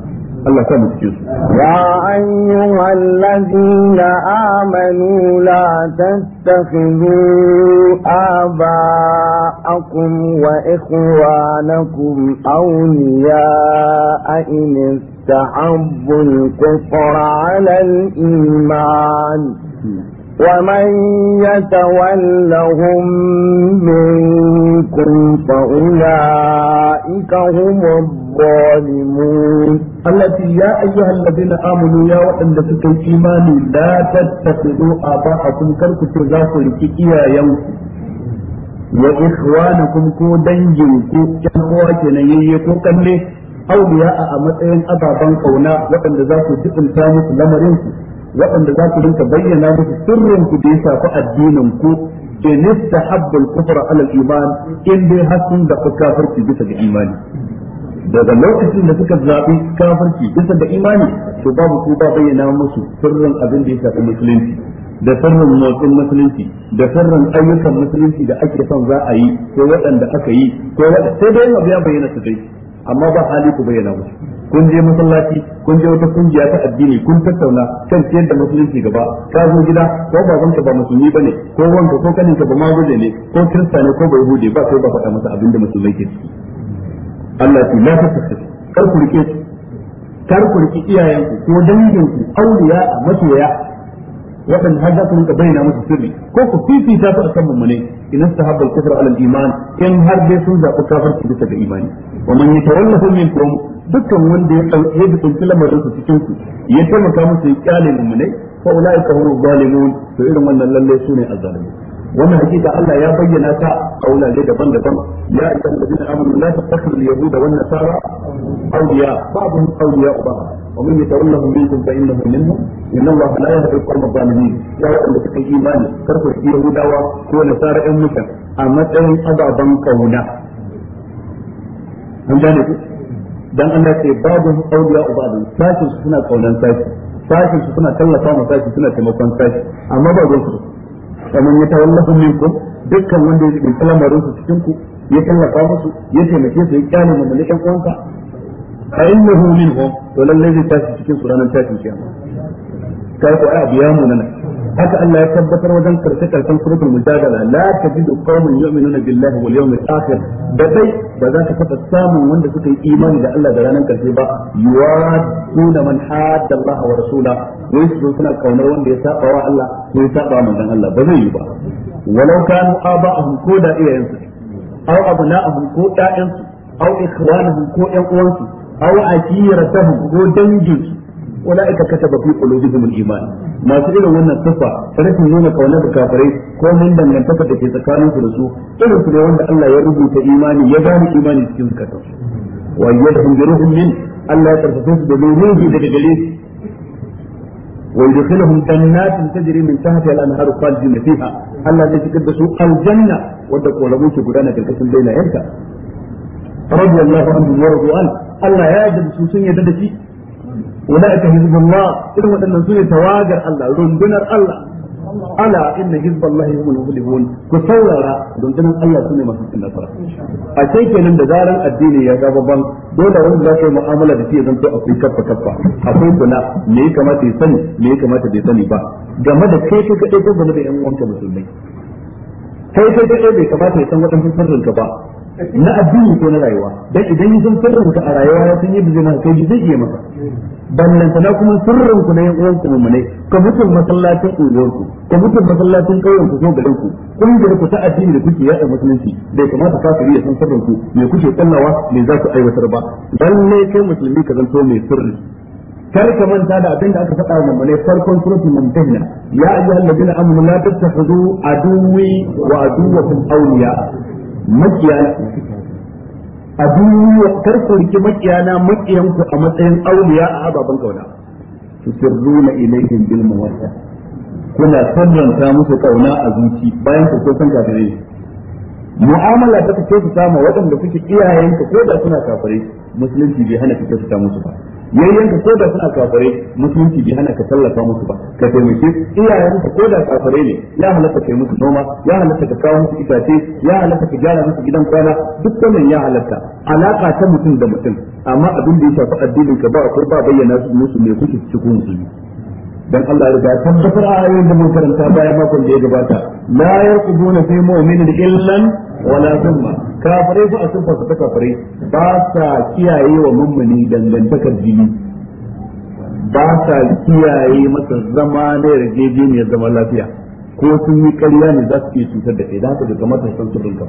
Allah sa mu su ya ayyuhal ladina amanu la tattakhidhu aba'akum wa ikhwanakum awliya in istahabbu al-kufra 'ala al-iman ومن يتولهم منكم فأولئك هم الظالمون التي يا أيها الذين آمنوا يا وأن لسك الإيمان لا تتخذوا آباءكم كركت ذاك لكي يوم وإخوانكم كو دنجنكو كنوا كنييكو كنه أولياء أمتين أبا بنقونا وأن ذاك جئلتا مثل لمرينكو وأن ذاك لنك بينا مثل سرنكو بيسا فأدينكو in istahabba al-kufra ala al-iman in dai har sun da kafirci bisa ga imani daga lokacin da suka zaɓi kafirci bisa da imani to babu ko ba bayyana musu sirrin abin da ya shafi musulunci da sirrin motsin musulunci da sirrin ayyukan musulunci da ake son za a yi ko waɗanda aka yi ko sai dai abu ya bayyana su dai amma ba hali ku bayyana musu kun je masallaci kun je wata kungiya ta addini kun tattauna kan ciyar da musulunci gaba ka zo gida ko babanka ba musulmi bane ko wanka ko kaninka ba maguje ne ko kirista ne ko bai hude ba sai ba faɗa masa abin da musulmai ke ciki Allah ce la tafakkar kar ku rike su kar ku rike iyayenku ko danginku auliya a masoya waɗanda har za ku rinka bayyana musu sirri ko ku fifita su akan mummune idan su kufar kufra alal iman in har dai sun zaɓi kafirci bisa ga imani wa man yatawallahu minkum dukkan wanda ya ɗauke da tsunci lamarin su cikin ku ya taimaka musu ya kyale mummune fa ulaika hum zalimun to irin wannan lalle su ne azzalimin wannan hakika Allah ya bayyana ta a wurare daban-daban ya aika alladheena amanu la tattakhidhu al-yahuda wan nasara awliya ba'dhum awliya ba'd wa man yatawallahum minkum fa innahu minhum inna Allah la yahdi al-qawma adh-dhalimin ya wanda ta yi imani karfa yahudawa ko nasara ɗan mutan a matsayin ababan kauna an gane ku dan Allah ce ba'dhum awliya ba'd sashin suna kaunan sashi sashin suna tallafa ma sashi suna taimakon sashi amma ba gonsu wa man min minkum dukkan wanda ya tsinci lamarin su cikin ku ya tallafa musu ya taimake su ya kyale mu malikan uwanka fa innahu minhum to lallai zai tashi cikin su ranar tashin kiyama kai ko ai abu munana haka Allah ya tabbatar wajen karshe karshen suratul mujadala la tajidu qauman yu'minuna billahi wal yawmil akhir da dai ba za ka taba samun wanda suka yi imani da Allah da ranar karshe ba yuwaduna man hadda Allah wa rasula wai su suna kaunar wanda ya saba wa Allah ko ya saba wa manzon Allah ba zai yi ba walau kanu aba'ahum ko da iyayensu aw abna'ahum ko ɗayansu aw ikhwanahum ko ƴan uwansu aw ashiratahum ko danginsu ulaika kataba fi qulubihim al-iman masu irin wannan sifa rashin nuna kauna da kafarai ko mun dangantaka da ke tsakanin su da su irin su wanda Allah ya rubuta imani ya gane imani cikin zakatansu wa yaddahum bi ruhum min Allah ya karfafe su da ruhi daga gare su ويدخلهم جنات تجري من تحتها الانهار خالدين فيها الله زي تقدس الجنه ودك ولا موت غدانا بين ينتا رضي الله عنهم ورضوا عنه الله يا جد سوسن يدد ulaika hizbullah irin waɗannan sune tawagar Allah rundunar Allah ala inna hizballahi humul muflihun ku saurara rundunar Allah sune masu cin nasara a sai kenan da zaran addini ya ga babban dole wanda zaka yi mu'amala da shi ya zanto akwai kaffa kaffa akwai kula me ya kamata ya sani me ya kamata bai sani ba game da kai kai kadai ko game da yan uwanka musulmai kai kai kadai bai kamata ya san waɗansu sirrinka ba na addini ko na rayuwa dan idan yi san sirrin ka a rayuwa ya san yadda zai maka kai zai iya maka ballan sana kuma sirrin ku na yan uwan ku mu ne ka mutum masallacin uwan ku ka mutum masallacin kauyen ku ko garin ku kungiyar ku ta addini da kuke yada musulunci bai kamata kafiri ya san sirrin ku me kuke tsallawa me za ku aiwatar ba lalle kai musulmi ka zanto mai sirri kar ka manta da abin da aka faɗa wa mamale farkon suratul mumtahina ya ayyuhal ladina amanu la tattakhudhu aduwwi wa aduwwakum awliya makiyana a duniya kar ku riki makiyana makiyan ku a matsayin auliya a ababen kauna na ilaihim bil mawadda kuna sallanta musu kauna a zuci bayan ku so san kafirai mu'amala ta kace ku sama waɗanda kuke iyayenka ko da suna kafirai musulunci bai hana ku ta musu ba yayyanka yanka koda suna kafare musulunci bai hana ka tallafa musu ba ka taimake iyayenka ko da kafare ne ya halatta kai musu noma ya halatta ka kawo musu itace ya halatta ka gyara musu gidan kwana duk wannan ya halatta alaka ta mutum da mutum amma abin da ya shafi addinin ka ba ko ba bayyana musu me kuke cikin musulmi dan Allah ya riga tabbatar a ayoyin da mun karanta bayan makon da ya gabata la yarqubuna fi mu'minin illan wala zumma kafirai su a sunfa su ta kafirai ba sa kiyaye wa mummuni dangantakar jini ba sa kiyaye masa zama na yarjejeniyar zama lafiya ko sun yi ƙarya ne za su iya cutar da kai da haka da kamata su sauke ba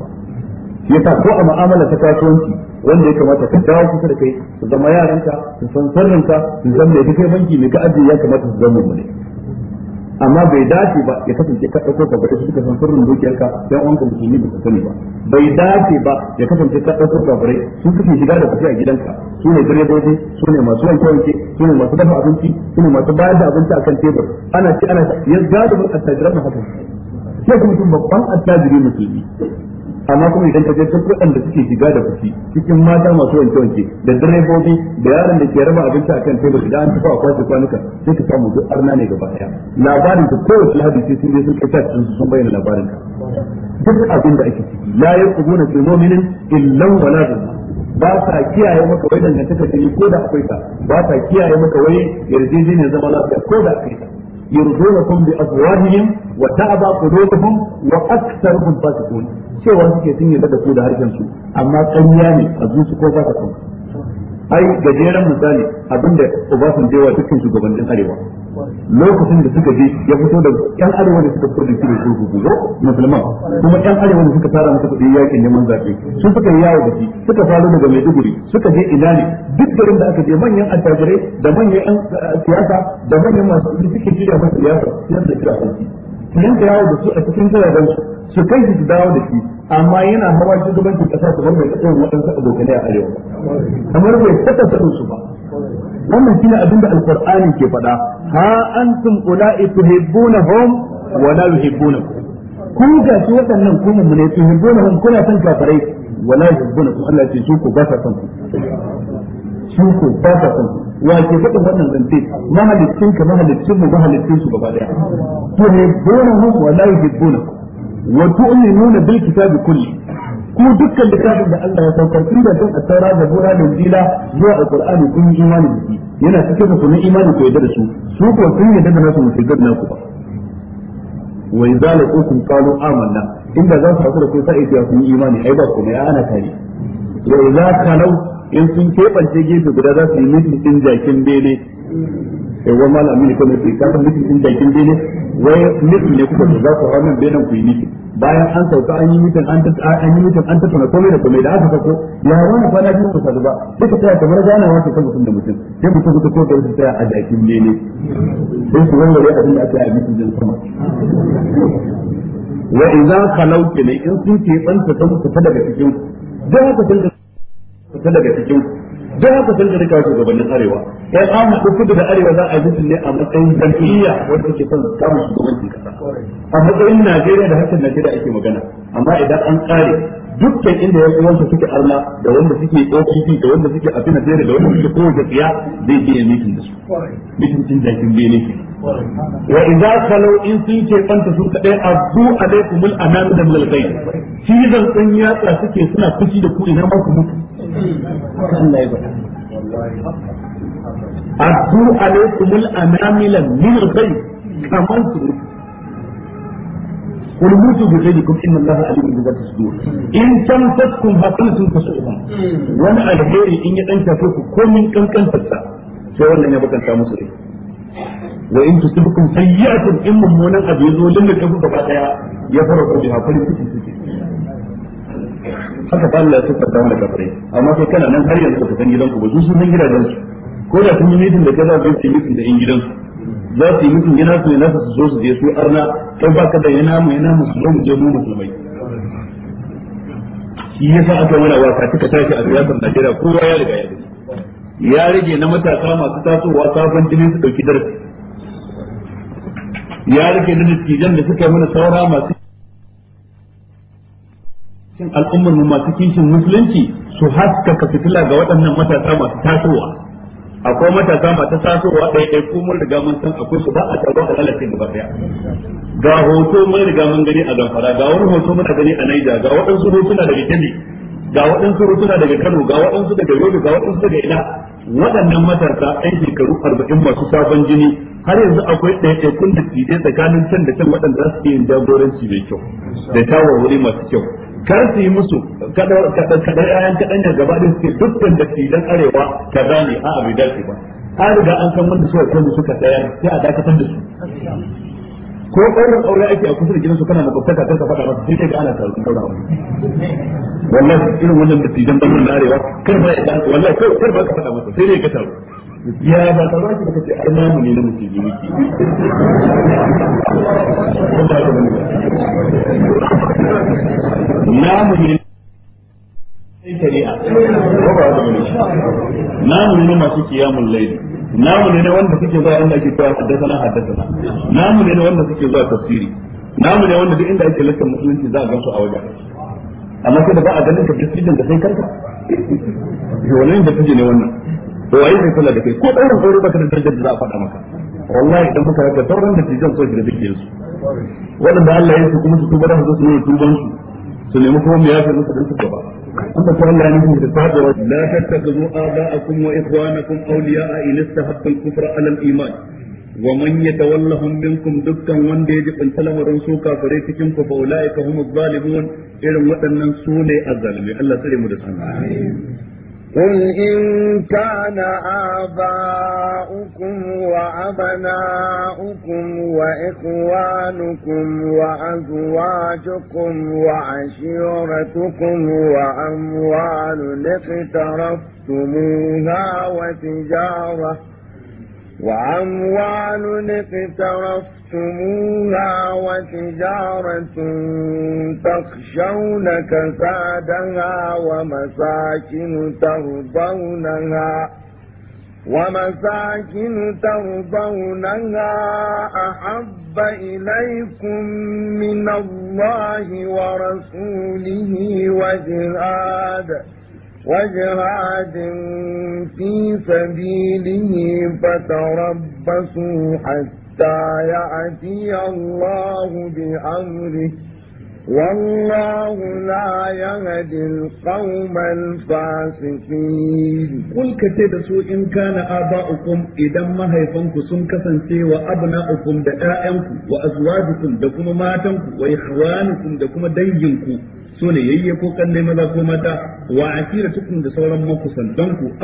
shi yasa ko a mu'amala ta kasuwanci wanda ya kamata ka dawo kusa da kai su zama yaranka su san sirrinka su san me kai banki ne ka ajiye ya kamata su zama mummuni ne amma bai dace ba ya kasance ka ɗauko ka bari suka san sirrin dukiyarka dan uwan ka musulmi ba sani ba bai dace ba ya kasance ka ɗauko ka bari su kake shiga da kuɗi a gidanka su ne direbobi su ne masu wanke wanke su ne masu dafa abinci su ne masu bayar da abinci akan tebur ana ci ana ya gado bar attajiran haka sai kuma babban attajiri musulmi amma kuma idan ka je duk waɗanda suke shiga da fushi cikin mata masu wanke wanke da direbobi da yaron da ke raba abinci a kan tebur idan an tafi a kwashe kwanuka sai ka samu duk arna ne gaba daya labarin ka kowace lahadi sai sun je sun kai tashi sun bayyana labarin ka duk abin da ake ciki la yaqbuna fi mu'minin illa wala ba ta kiyaye maka wai dangantaka ta ko da akwai ta ba ta kiyaye maka wai yarjejeniyar zama lafiya ko da akwai ta يرضونكم بأفواههم وتأبى قلوبهم وأكثرهم فاسقون cewa suke sun yi da da harshen su amma ƙarya ne a zuci ko ba ka ai gajeren misali abinda Obasan jewa dukkan shugabannin Arewa lokacin da suka je ya fito da yan arewa da suka fito da shi da gugu musulman kuma yan arewa da suka tara masa kuɗi yakin neman zaɓe su suka yi yawo da shi suka faru daga Maiduguri suka je ina ne duk garin da aka je manyan attajirai da manyan eh, siyasa da manyan masu kuɗi suke shirya masa siyasa siyasa da kira su rinka yawo da su a cikin jiragen su kai shi su dawo da shi amma yana hawa shugabancin kasa su wanda ya tsaye waɗansu abokanai a arewa kamar bai taɓa sanin su ba wannan shine abin da alqur'ani ke faɗa ha an tun antum ula'i hom wala la yuhibbunakum ku ga shi waɗannan ku mun ne tuhibbunahum kuna son wala wa la yuhibbunakum Allah ya ce su ku ba sa son ku su ko ba sa son wa ke faɗin wannan zance mahalicin ka mahalicin mu mahalicin su gaba daya to ne bonan hum wa la yuhibbuna wa tu'minuna bil kitabi kulli ku dukkan littafin da Allah ya saukar tun da don asaura da bura da jila zuwa alqur'ani kun yi imani da shi yana cikin da sunan imani ko yadda da su su ko sun yadda da nasu musulman naku ba wa idza laqukum qalu amanna inda za su haƙura ko sai ya kun imani ai ba ku mai ana tare wa idza kalau in sun keɓance gefe guda za su yi mitin din jakin bene sai wani malam ne kuma sai ka mitin din jakin bene wai mitin ne kuka za ku hawo benen ku yi mitin bayan an sauka an yi mutum an an yi mutum an tattauna komai da komai da aka sako ya wani kwana biyu ku sadu ba duka tsaya kamar ganawa ce kan mutum da mutum sai mutum suka ko da su tsaya a jakin bene sai su warware abin da aka yi a mitin din sama wa idza ne in sun ke tsanta ta daga cikin ku dan haka sun fita daga cikin duk haka sun rika shugabannin arewa yan an haɗu da arewa za a yi ne a matsayin jam'iyya wanda ke son samun shugabancin kasa a matsayin najeriya da hakan najeriya ake magana amma idan an ƙare dukkan inda ya uwansa suke arna da wanda suke OPP da wanda suke abin fere da wanda suke kowace tsiya zai biya mitin da su mitin cin jakin bene ke wa idza kalau in sun ke banta su kadai azu alaikumul anam da mul gai cizan sun yatsa suke suna fushi da ku ina ma ku mutu Allah ya faɗa azu alaikumul anamila min gai kamar su قل موتوا بغيظكم ان الله عليم بذات الصدور ان تمسكم حسنه تسؤهم وانا الخير ان يدنك فيكم كل من كان كان تسا sai wannan ya bakanta musu rai wa in tusibukum in mummunan abu yazo din da kafu gaba daya ya fara ko biha farin ciki suke haka ba Allah ya saka ta da amma sai kana nan har yanzu ka san gidanku ba su sun gidajen su ko da sun yi mitin da kaza zai yi mitin da in gidansu za su yi mutum yana su yana su zo su je su arna kai ba ka da yana mu yana mu su zo mu je mu musulmai shi sa aka mana wasa kika tashi a siyasar Najeriya kowa ya riga ya gani ya rage na matasa masu tasowa sabon jini su dauki darasi ya rage na dattijan da suka yi mana saura masu cikin al'ummar mu masu kishin musulunci su haskaka fitila ga waɗannan matasa masu tasowa akwai matasa mata tasowa ɗaya ɗaya ko mun riga mun san akwai su ba a taro a lalace gaba ɗaya ga hoto mun riga mun gani a Zamfara ga wani hoto muna gani a Niger ga waɗansu hotuna daga Kebbi ga waɗansu hotuna daga Kano ga waɗansu daga Yobe ga waɗansu daga ina waɗannan matasa ɗan shekaru arba'in masu sabon jini har yanzu akwai ɗaya, ɗaya, kun da tije tsakanin can da can waɗanda za su iya jagoranci mai kyau da shawarwari masu kyau kar su yi musu kadar ayan kadan ya gaba da suke dukkan da dan arewa kaza ne a bai dace ba an riga an san wanda suka kai suka tsaya sai a dakatar da su ko ƙaurin aure ake a kusa da gidansu kana makwabtaka kar ka faɗa masa sai ga ana tarin ƙaura aure wallahi irin wannan da tijan da arewa kar ba ya dace wallahi kar ba ka faɗa masa sai dai ka tsaro ya ba ta zaki baka ce ai namu ne na musulmi miki namu ne namu ne masu kiyamun laifi. namu ne wanda suke zuwa inda ake cewa haddasa haddasa namu ne wanda suke zuwa tafsiri namu ne wanda duk inda ake lakkan musulunci za a gansu a wajen amma sai da ba a ganin ka tafsirin da sai kanka wannan da kuje ne wannan to waye sai kula da kai ko ɗaurin aure ba ta da darajar da za a faɗa maka wallahi idan muka haka sauran da tijan so da dake su waɗanda Allah ya su kuma su tuba da su ne tuban su su nemi kuma mu yafe musu dan su gaba an ta Allah ne da sabuwa la tattakhudhu aba'akum wa ikhwanakum awliya'a in istahabbu al-kufra 'ala al-iman wa man yatawallahum minkum dukkan wanda ya jibin talamarin su kafare cikin ku fa ulaika humuz zalimun irin waɗannan su ne azzalimi Allah tsare mu da su onye nwụta na-aba ụkwụmụwa abana ụkwụmwa ekụwalụkụwa agụwajọkụmwajiọratkụmụwa awalụdekaịtara ụmụrụna-wa wa-ahiro ka jeha ụra وأموال اقترفتموها وتجارة تخشون كسادها ومساكن ترضونها ومساكن ترضونها أحب إليكم من الله ورسوله وجهاده وجهاد في سبيله فتربصوا حتى يأتي الله بأمره والله لا يهدي القوم الفاسقين قل كتب سوء إن كان آباؤكم إذا ما هيفنك سن سنسي وأبناؤكم دائمكم وأزواجكم دكم ماتنكم وإخوانكم دكم دينكم su yayye ko kan kalle maza ko mata wa akira tukun da sauran ku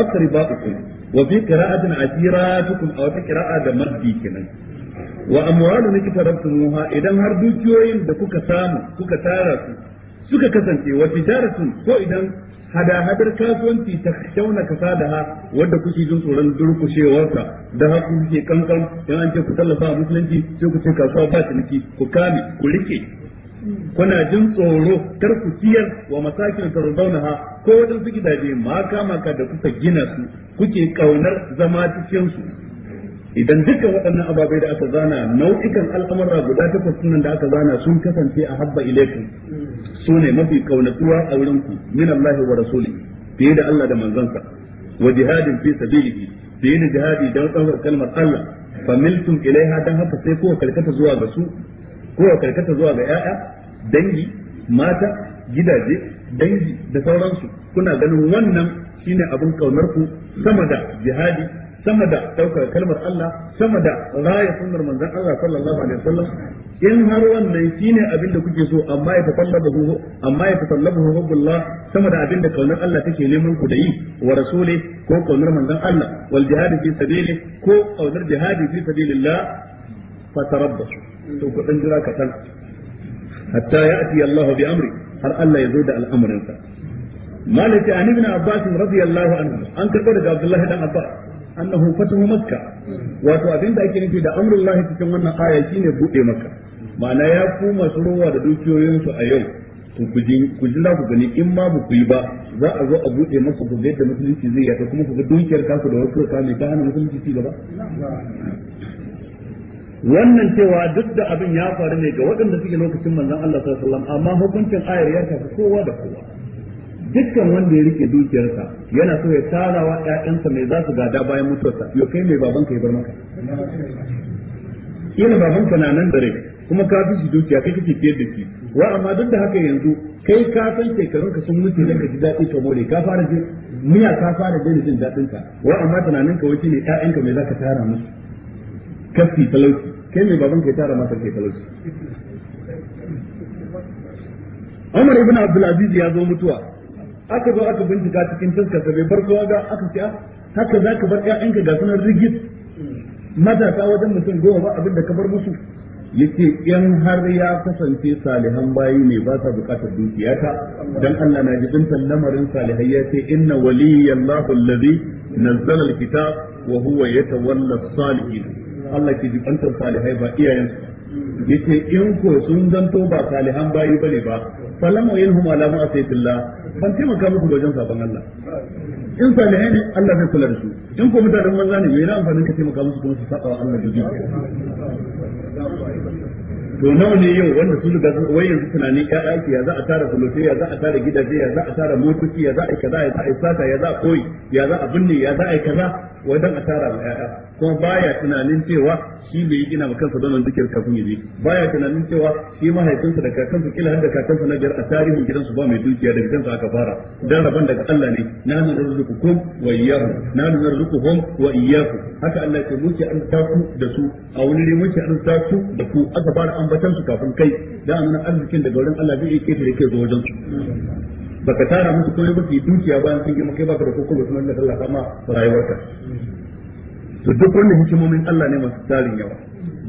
akari ba ku wa fi qira'atin akira tukun a wata qira'a da maddi kenan wa amwalun iktarabtumuha idan har dukiyoyin da kuka samu kuka tara su suka kasance wa tijaratun ko idan hada-hadar kasuwanci ta shauna kasa da ha wadda kuke jin tsoron ka da ha ku kuke kankan an ce ku tallafa musulunci sai ku ce kasuwa ba ta niki ku kame ku rike kuna jin tsoro kar ku ciyar wa masakin ha ko wadansu gidaje maka maka da kuka gina su kuke kaunar zama cikin su idan duka waɗannan ababai da aka zana nau'ikan al'amura guda takwas nan da aka zana sun kasance a habba ilaikum su ne mafi kaunatuwa a wurin ku min Allah wa rasuli fiye da Allah da manzansa wa jihadin fi sabilihi fiye da jihadi don ɗaukar kalmar Allah fa miltum ilaiha dan haka sai kowa karkata zuwa ga su kowa karkata zuwa ga 'ya'ya, dangi mata gidaje dangi da sauransu kuna ganin wannan shine abin kaunar ku sama da jihadi sama da daukar kalmar Allah sama da raya sunnar manzon Allah sallallahu alaihi wasallam in har wannan shine abin da kuke so amma ya tatallabahu amma ya tatallabahu hubbullah sama da abin da kaunar Allah take neman ku da yi wa rasuli ko kaunar manzon Allah wal jihad fi sabili ko kaunar jihad fi sabilillah fatarabbasu to ku dan jira kaɗan hatta ya'ti Allah bi amri har Allah ya zo da al'amarinsa malaka an ibn abbas radiyallahu anhu an karɓo daga abdullahi dan abbas annahu fatahu makka wato abin da ake nufi da amrullahi cikin wannan aya shine bude makka ma'ana ya ku masu ruwa da dukiyoyinsu a yau to ku ji ku ku gani in ma ba ku yi ba za a zo a bude maka ku ga yadda musulunci zai yata kuma ku ga dukiyar ka da wasu ka mai ta hana musulunci ci gaba wannan cewa duk da abin ya faru ne ga waɗanda suke lokacin manzon Allah sallallahu alaihi wasallam amma hukuncin ayar ya tafi kowa da kowa dukkan wanda ya rike dukiyarsa yana so ya tara wa ƴaƴansa mai za su gada bayan mutuwarsa yau kai mai babanka ya bar maka baban babanka na nan da rai kuma ka fi shi dukiya kai kake fiye da shi wa amma duk da haka yanzu kai ka san shekarun ka sun mutu idan ka ji daɗi ka more ka fara jin miya ka fara jin jin daɗin ka wa amma tunanin ka wace ne ƴaƴanka ka mai ka tara musu kafi talauci kai mai baban ka tara masa kai talauci Umar ibn Abdul Aziz ya zo mutuwa aka zo aka bincika cikin taskar sa bai bar kowa ga aka ce ah, haka za ka bar ƴaƴanka ga sunan rigid matasa wajen mutum goma ba abin da ka bar musu yace in har ya kasance salihan bayi ne ba sa bukatar dukiyata dan Allah na jibin lamarin salihai ya ce inna waliyallahu allazi nazzala alkitab wa huwa yatawalla salihin Allah ke jibantar salihai ba iyayen yace in ko sun zanto ba salihan bayi bane ba falam wa yanhum ala ma asaytillah ban taimaka muku wajen sabon Allah in salihai ne Allah zai kula da su in ko mutanen manza ne me yana amfanin ka taimaka musu kuma su saba wa Allah gobe to nawa ne yau wanda su riga sun wai yanzu tunani ya aiki ya za a tara sulutai ya za a tara gidaje ya za a tara motoci ya za a kaza ya za a sata ya za a koyi ya za a binne ya za a kaza wai dan a tara ma yaya kuma baya tunanin cewa shi bai gina ma kansa donon zikir kafin ya je baya tunanin cewa shi mahaifinsa da kakansa kila har da kakansa na biyar a tarihin gidansu ba mai dukiya da kansa aka fara dan rabon daga Allah ne na nuna nanu narzuqukum wa na nuna nanu narzuquhum wa iyyakum haka Allah ya muke an taku da su a wani ne muke an taku da ku aka fara ambatan su kafin kai da nuna arzikin daga wurin Allah zai iya ketare kai ga wajen su baka tara musu komai ba su dukiya bayan sun girma kai baka da kokon ba sunan da Allah ma rayuwarka to duk wannan hikimomin Allah ne masu tarin yawa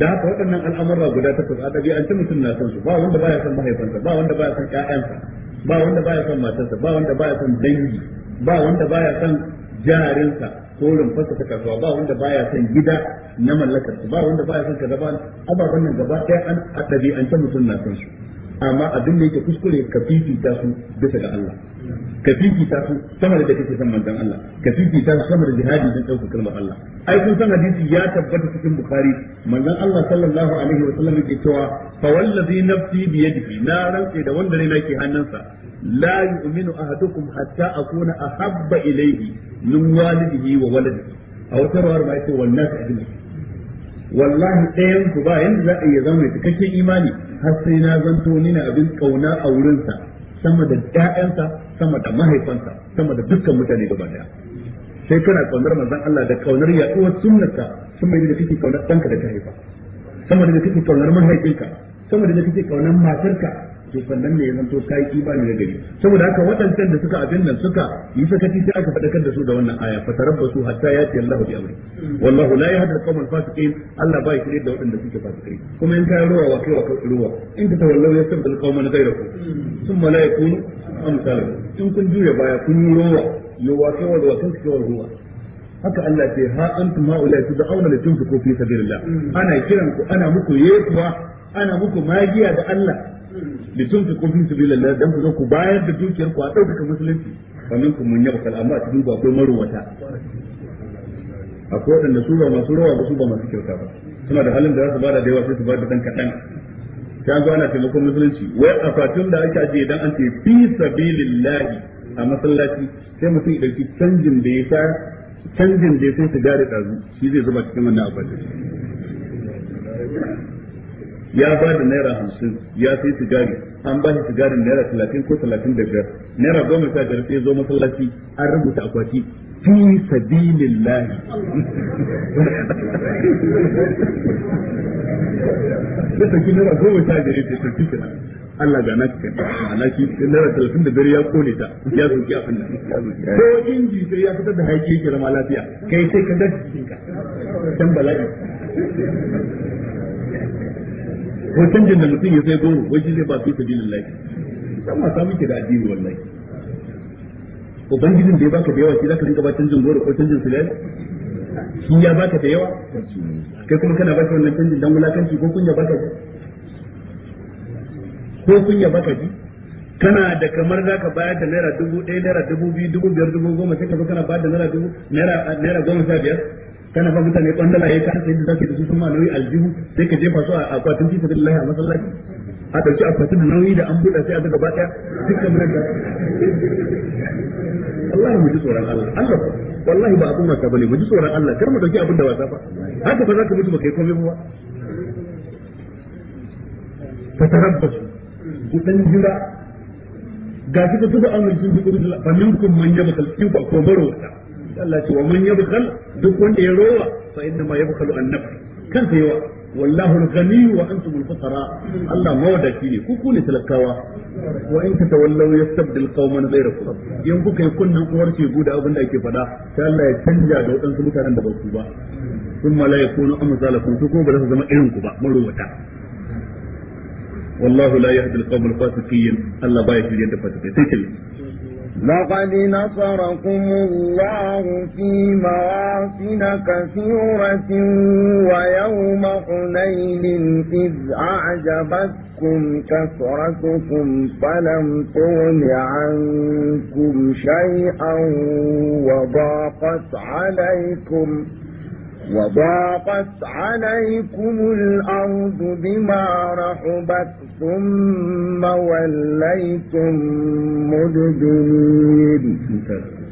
da haka waɗannan al'amura guda takwas a ɗabi'ance mutum na son su ba wanda baya son mahaifansa ba wanda baya son ƴaƴansa ba wanda baya son matarsa ba wanda baya son dangi ba wanda baya son jarinsa ko rumfarsa ta kasuwa ba wanda baya son gida na mallakar ba wanda baya son kaza ba ababen nan gaba ɗaya an a ɗabi'ance mutum na son su amma abin da yake kuskure ka fifita su bisa ga Allah ka fifita su sama da kake san manzon Allah ka fifita su sama da jihadi don ɗaukar kalmar Allah ai kun san hadisi ya tabbata cikin bukhari manzon Allah sallallahu alaihi wa sallam yake cewa fa wallazi nafsi bi yadihi na rantsa da wanda ne ke hannunsa la yu'minu ahadukum hatta akuna ahabba ilayhi min walidihi wa waladihi a wata rawar ba yace wannan ajin wallahi ɗayan ku ba yanda za a iya zama da cikakken imani har sai na zanto ni na abin kauna a wurinsa sama da ƴaƴansa sama da mahaifansa sama da dukkan mutane gaba daya sai kana kaunar manzon Allah da kaunar yaduwar sunnarka sama da kake kaunar danka da ta haifa sama da kake kaunar mahaifinka sama da kake kaunar matarka to sannan ne ya zanto kai imani na gari saboda haka waɗancan da suka abin nan suka yi sakaci sai aka faɗakar da su da wannan aya fa tarabbasu hatta yati Allahu bi amri wallahu la yahdi al-qawmal fasiqin Allah ba ya shirye da waɗanda suke fasikai kuma in ka ruwa wa kai wa ruwa in ka tawallau ya sabda al-qawman ghayrakum thumma la yakunu amsalukum in kun juya baya kun yi ruwa yawa kai wa ruwa kan kai wa ruwa haka Allah ce ha antum haula tud'auna li tunfiqu fi sabilillah ana kiran ku ana muku yesuwa ana muku magiya da Allah litun fi kufin sabilillah dan ku zo ku bayar da dukiyar ku a dauka musulunci sannan ku mun yabkal amma a cikin ku akwai maruwata akwai wadanda su ba masu rawa ba su ba masu kyauta ba suna da halin da za su bada da yawa sai su bada dan kadan ta zo ana taimakon musulunci wai a fatun da ake ajiye dan an ce fi sabilillahi a masallaci sai mutum ya dauki canjin da ya sa canjin da ya sai su gare dazu shi zai zuba cikin wannan abin ya ba da naira hamsin ya sai sigari an ba shi sigarin naira talatin ko talatin da biyar naira goma sha biyar sai zo masallaci an rubuta akwati fi sabilillah ya saki naira goma sha biyar sai sarki kira Allah ga naka kai ma'ana shi naira talatin da biyar ya kone ta ya zuki a fannin ko inji sai ya fitar da haike kira ma lafiya kai sai ka dace ka can bala'i ko canjin da mutum ya sai goro wai shi zai ba su sabilin lafi san ma samu ke da addini wallahi ubangijin da ya baka da yawa shi zaka rinka ba canjin goro ko canjin sulal shi ya baka da yawa kai kuma kana baka wannan canjin dan wulakanci ko kun ya baka ji ko kun ya baka ji kana da kamar zaka bayar da naira dubu ɗaya naira dubu biyu dubu biyar dubu goma sai ka zo kana bayar da naira dubu naira naira goma sha biyar kana ba mutane kwandala ya ka sai da zaka da su sun ma nauyi aljihu sai ka jefa su a akwatin fi sabilillah a masallaci a dauki akwatin da nauyi da an buɗa sai a daga baya dukkan mun da Allah mu ji tsoron Allah Allah wallahi ba abun wasa bane mu ji tsoron Allah kar mu dauki abin da wasa ba haka ba za ka mutu ba kai komai ba fa tarabbasu ku dan jira ga shi da tuba amrin sun ji kudin fa minkum man yabqa al ba ko baro wata Allah ce wa man yabkhal duk wanda ya rowa fa inna ma yabkhalu an nafsi kansa wa, wallahu al-ghani wa antum al-fuqara Allah mawadaci ne ku kune talakawa wa in tatawallaw yastabdil qauman ghayrakum in kuka yi kunnan uwar ce guda abin da ake faɗa sai Allah ya canja da wadansu mutanen da ba ku ba kuma la yakunu amsalakum to ko ba za su zama irin ku ba marowata والله لا Allah القوم الفاسقين الله بايك يد فاسقين لقد نصركم الله في مواطن كثيرة ويوم حنين إذ أعجبتكم كثرتكم فلم تغن عنكم شيئا وضاقت عليكم وضاقت عليكم الأرض بما رحبت ثم وليتم مدبرين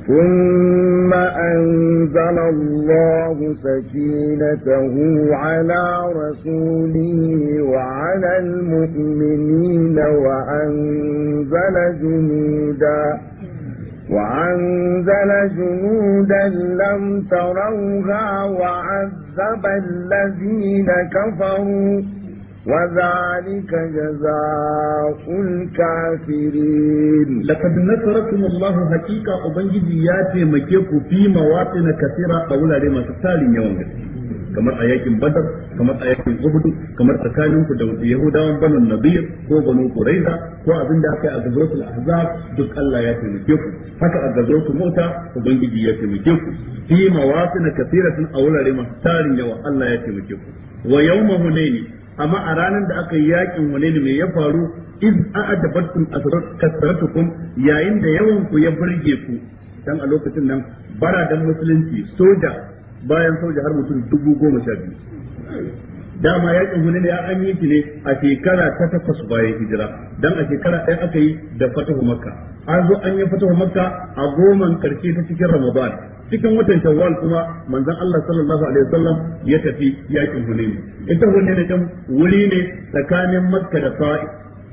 ثم أنزل الله سكينته على رسوله وعلى المؤمنين وأنزل جنودا وأنزل جنودا لم تروها وعذب الذين كفروا وذلك جزاء الكافرين لقد نصركم الله حقيقة أبنجي ياتي مكيكو في مواطن كثيرة أولا لما تتالي يوم kamar a yakin badar kamar a yakin uhud kamar tsakanin ku da yahudawan banan nadir ko banu quraiza ko abin da aka yi a gazotul ahzab duk Allah ya taimake ku haka a gazotul mota ubangiji ya taimake ku fi mawasin kathiratin a wurare masu tarin yawa Allah ya taimake ku wa yawma hunaini amma a ranar da aka yi yakin ne mai ya faru in a a'adabatkum kasaratukum yayin da yawan ku ya burge ku dan a lokacin nan bara don musulunci soja bayan soja har mutum dubu goma sha biyu dama yakin hunain ya an yi ne a shekara ta takwas bayan hijira dan a shekara ɗaya aka yi da fatahu makka an zo an yi fatahu makka a goman karshe ta cikin ramadan cikin watan shawwal kuma manzon Allah sallallahu alaihi wasallam ya tafi yakin hunain ita hunain kan wuri ne tsakanin makka da ta'if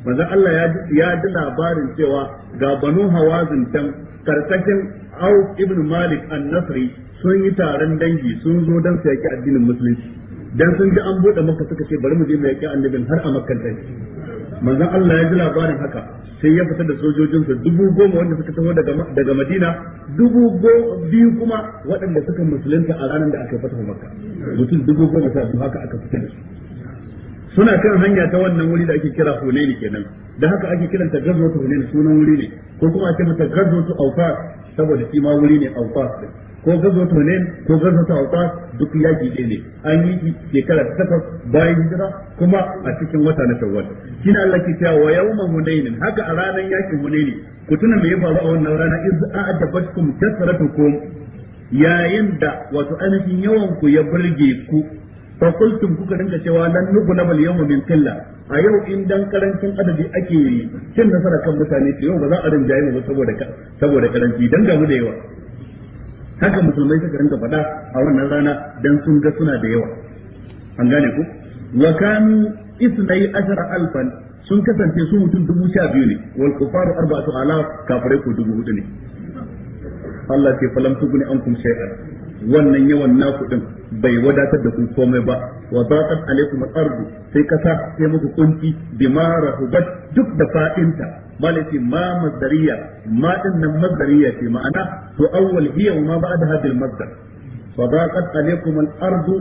manzon Allah ya ji labarin cewa ga banu hawazin can karkashin Auf ibn Malik an-Nasri sun yi taron dangi sun zo don su yaki addinin musulunci dan sun ji an bude maka suka ce bari mu je mu yaki annabin har a makkan dai manzon Allah ya ji labarin haka sai ya fitar da sojojinsa dubu goma wanda suka taho daga madina dubu biyu kuma waɗanda suka musulunta a ranar da aka fata makka mutum dubu goma sa su haka aka fitar da su suna kan hanya ta wannan wuri da ake kira hunaini kenan da haka ake kiran ta kiranta ta hunaini sunan wuri ne ko kuma ake mata ta awfas saboda shi ma wuri ne awfas ko gazo tunin ko gazo tawfa duk yaki ɗaya ne an yi shekara ta takwas bayan hijira kuma a cikin wata na shawwal kina Allah ke cewa wa yawma hunainin haka a ranar yakin ne ku tuna me ya faru a wannan rana iz a'adabatkum kasratukum yayin da wato ainihin yawan ku ya burge ku fa kultum kuka dinga cewa lan nubna bal yawma min killa a yau in dan karancin adadi ake cin nasara kan mutane ce yau ba za a rinjaye mu saboda saboda karanci dan mu da yawa haka musulmai suka rinka faɗa a wannan rana dan sun ga suna da yawa an gane ku wa kanu isnai ashara alfan sun kasance su mutum dubu sha biyu ne wal kufaru arba'atu alaf kafirai ko dubu hudu ne Allah ce falam tuguni ankum shay'an wannan yawan naku din bai wadatar da ku komai ba wa zaqat alaykum al-ardu sai kasa sai muku kunci bima rahubat duk da fa'inta malati ma masdariya ma din nan masdariya ce ma'ana to awwal hiya wa ma ba'da hadal masdar fadaqat alaykum al-ardu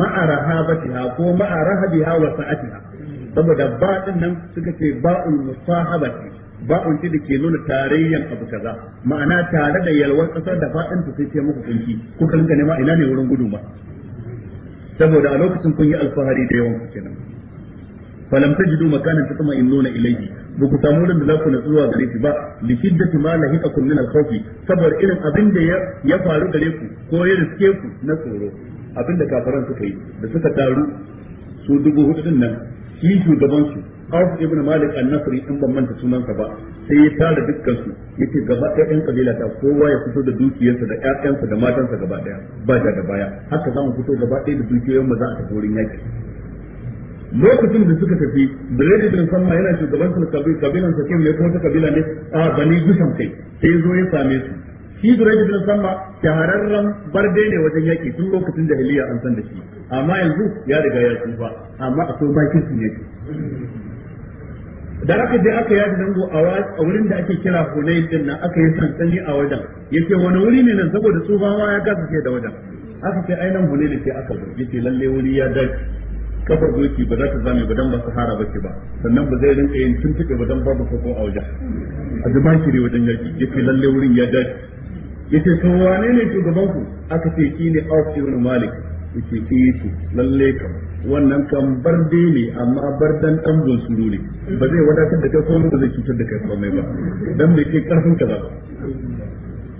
ma'a rahabatiha ko ma'a rahabiha wa sa'atiha saboda ba din nan suka ce ba'ul musahabati ba'un ce da ke nuna tarayyan abu kaza ma'ana tare da yalwar kasar da fadin ta sai ce muku kunki kuka rinka nema ina ne wurin gudu ba saboda a lokacin kun yi alfahari da yawan kenan falam tajidu makanan tatma'innuna ilayhi ba ku samu wurin da za ku natsuwa gare shi ba li shiddati ma lahiqakum min al-khawfi saboda irin abin da ya faru gare ku ko ya riske ku na tsoro abin da kafaran suka yi da suka taru su dubu hudu din nan shi shugaban su Auf ibn Malik an-Nasri in ban manta sunansa ba sai ya tara dukkan su yace gaba ɗaya ɗan kabila ta kowa ya fito da dukiyarsa da ƴaƴansa da matansa gaba ɗaya ba da baya haka zamu fito gaba ɗaya da dukiyoyin mu za a tafi wurin yaki lokacin da suka tafi Zaid bin Samma yana shugabantar kabila kabilan sa ne ko ta kabila ne a Bani gusan kai sai zo ya same su shi Zaid bin Samma shahararren barde ne wajen yaki tun lokacin da hiliya an san da shi amma yanzu ya riga ya tsufa amma akwai bakin su yake da aka je aka yaji dango a wurin da ake kira Hunayn din nan aka yi sansani a wajen yake wani wuri ne nan saboda tsufawa ya kasa da wajen aka ce ainihin da ke aka yace lalle wuri ya dace kafar doki ba za ta zame ba dan ba sahara ke ba sannan ba zai rinka yin tuntube ba dan babu koko a wajen a zuba kire wajen yaki yace lalle wurin ya dace ce ta wane ne shugaban ku aka ce ki ne Auf ibn Malik ce ki ce lalle kam wannan kan barde ne amma bardan dan suru ne ba zai wadatar da kai ko ba zai cutar da kai komai ba dan bai kai karfin ka ba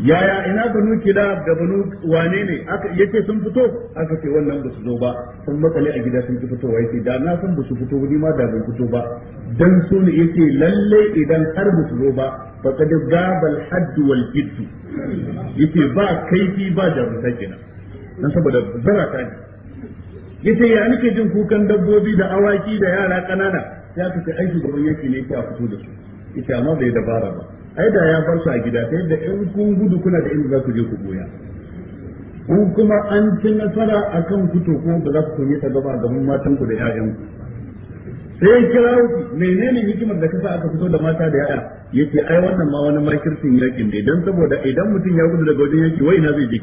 yaya ina banu kida da banu wane ne aka yace sun fito aka ce wannan ba su zo ba sun makale a gida sun ki wai sai da na san ba su fito ni ma da ban fito ba dan su ne yace lalle idan har ba su zo ba fa kad gabal hadd wal jidd yace ba kaifi ba da mutan kenan dan saboda ta ne yace ya nake jin kukan dabbobi da awaki da yara kanana ya ce aiki gaban yake ne yake a fito da su yace amma bai dabara ba ai da ya bar su a gida ta yadda in kun gudu kuna da inda za ku je ku goya in kuma an ci nasara a kan kuto ko ba za ku kunye ta gaba gaban matan ku da ƴaƴan ku sai kira wuki menene hikimar da kasa aka fito da mata da ƴaƴa ce ai wannan ma wani makircin yakin ne dan saboda idan mutum ya gudu daga wajen yaki wai na zai je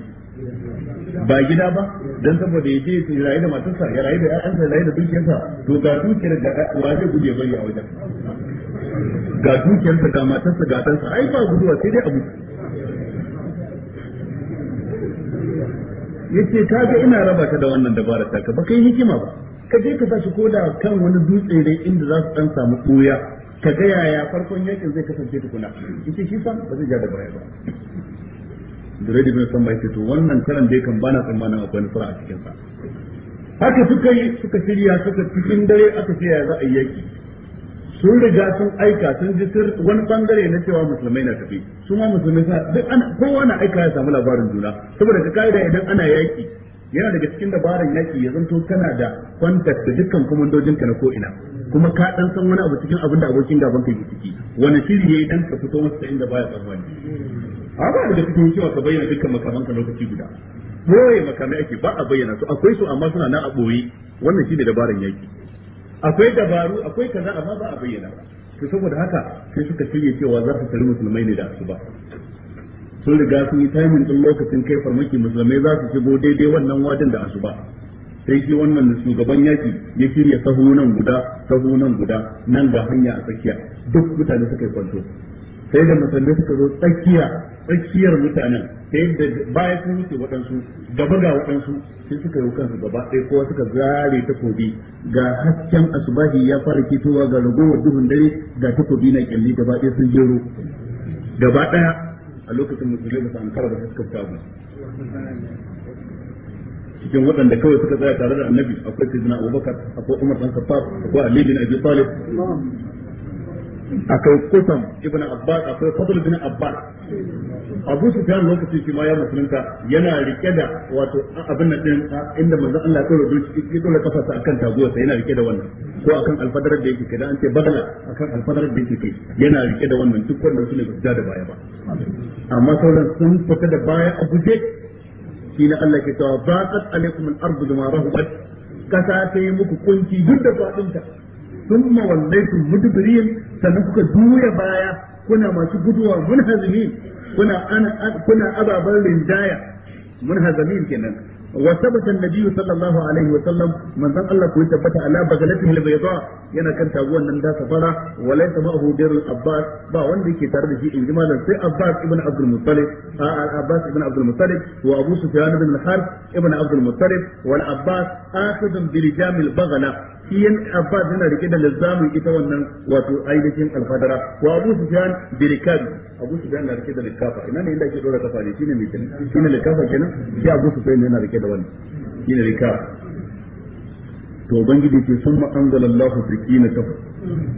ba gida ba dan saboda ya je ya rayu da matarsa ya rayu da ƴaƴansa ya rayu da dukiyarsa to ga dukiyar da wa zai guje bari a wajen ga dukiyarsa ga matarsa ga ɗansa ai ba guduwa sai dai abu yace ka ga ina raba ta da wannan dabara ta ka baka yi hikima ba ka je ka tashi ko da kan wani dutse dai inda za su dan samu ɓoya, ka ga yaya farkon yakin zai kasance tukuna yace shi fa ba zai ja da baya ba da bin Samba ce to wannan karan dai kan bana tsammanin akwai nasara a cikin sa haka suka yi suka shirya suka cikin dare aka ce ya za a yi yaki sun riga sun aika sun ji sir wani bangare na cewa musulmai na tafi su ma musulmai sa duk ana kowa na aika ya samu labarin juna saboda ka kaida idan ana yaki yana daga cikin dabaran yaki ya zanto kana da kwantar da dukkan komandojin ka na ko ina kuma ka dan san wani abu cikin abin da abokin gaban ka yake ciki wani shiri yayi dan ka fito masa inda baya tsammani amma daga cikin cewa ka bayyana dukkan makaman ka lokaci guda boye makamai ake ba a bayyana su akwai su amma suna nan a boye wannan shine dabaran yaki akwai dabaru akwai kaza amma ba a bayyana ba to saboda haka sai suka shirye cewa za su tare musulmai ne da ba sun riga sun yi timing din lokacin kai farmaki musulmai za su shigo daidai wannan wadin da asuba sai shi wannan shugaban yaki ya shirya sahu nan guda sahu nan guda nan ga hanya a tsakiya duk mutane suka yi kwanto sai da musulmai suka zo tsakiya tsakiyar mutanen ta yadda baya sun wuce waɗansu gaba ga waɗansu sai suka yi kansu gaba ɗaya kowa suka zare takobi ga hasken asubahi ya fara fitowa ga ragowar duhun dare ga takobi na kyalli gaba ɗaya sun jero gaba ɗaya a lokacin musulmi ba su an kara ba suka cikin waɗanda kawai suka tsaya tare da annabi akwai sayyidina abubakar akwai umar ɗan khattab akwai ali bin abi talib akai kusan ibn abbas akwai fadl ibn abbas abu su kan lokacin shi ma ya musulunta yana rike da wato abin nan din inda manzon Allah ya rubuta doki ya dora kafarsa akan taguwa sai yana rike da wannan ko akan alfadarar da yake kai an ce badala akan alfadarar da yake kai yana rike da wannan duk wanda su ne ba da baya ba amma sauran sun fita da baya a guje shi na Allah ke cewa baqat alaikum al-ardu bima rahabat kasa ta yi muku kunci duk da fadinta thumma wallaytum mudbirin sannan kuka duya baya kuna masu guduwa munhazimin kuna ana kuna ababan mun munhazimin kenan wa sabata annabi sallallahu alaihi wa sallam manzon Allah ko tabbata ala bagalatihi albayda yana kan taguwan nan da safara wa laysa ma'ahu dirul abbas ba wanda yake tare da shi in jimalan sai abbas ibn abdul muttalib abbas ibn abdul muttalib wa abu sufyan ibn al-harith ibn abdul muttalib wal abbas akhidun bi rijamil bagala shi yan abbas yana rike da lizamin ita wannan wato ainihin alfadara wa abu sufyan bi rikabi abu sufyan na rike da likafa ina ne inda ake dora kafa ne shine mai kenan shine likafa kenan shi abu sufyan yana rike da wannan shine rikabi to ubangiji ce sun ma'anzalallahu sikina kafa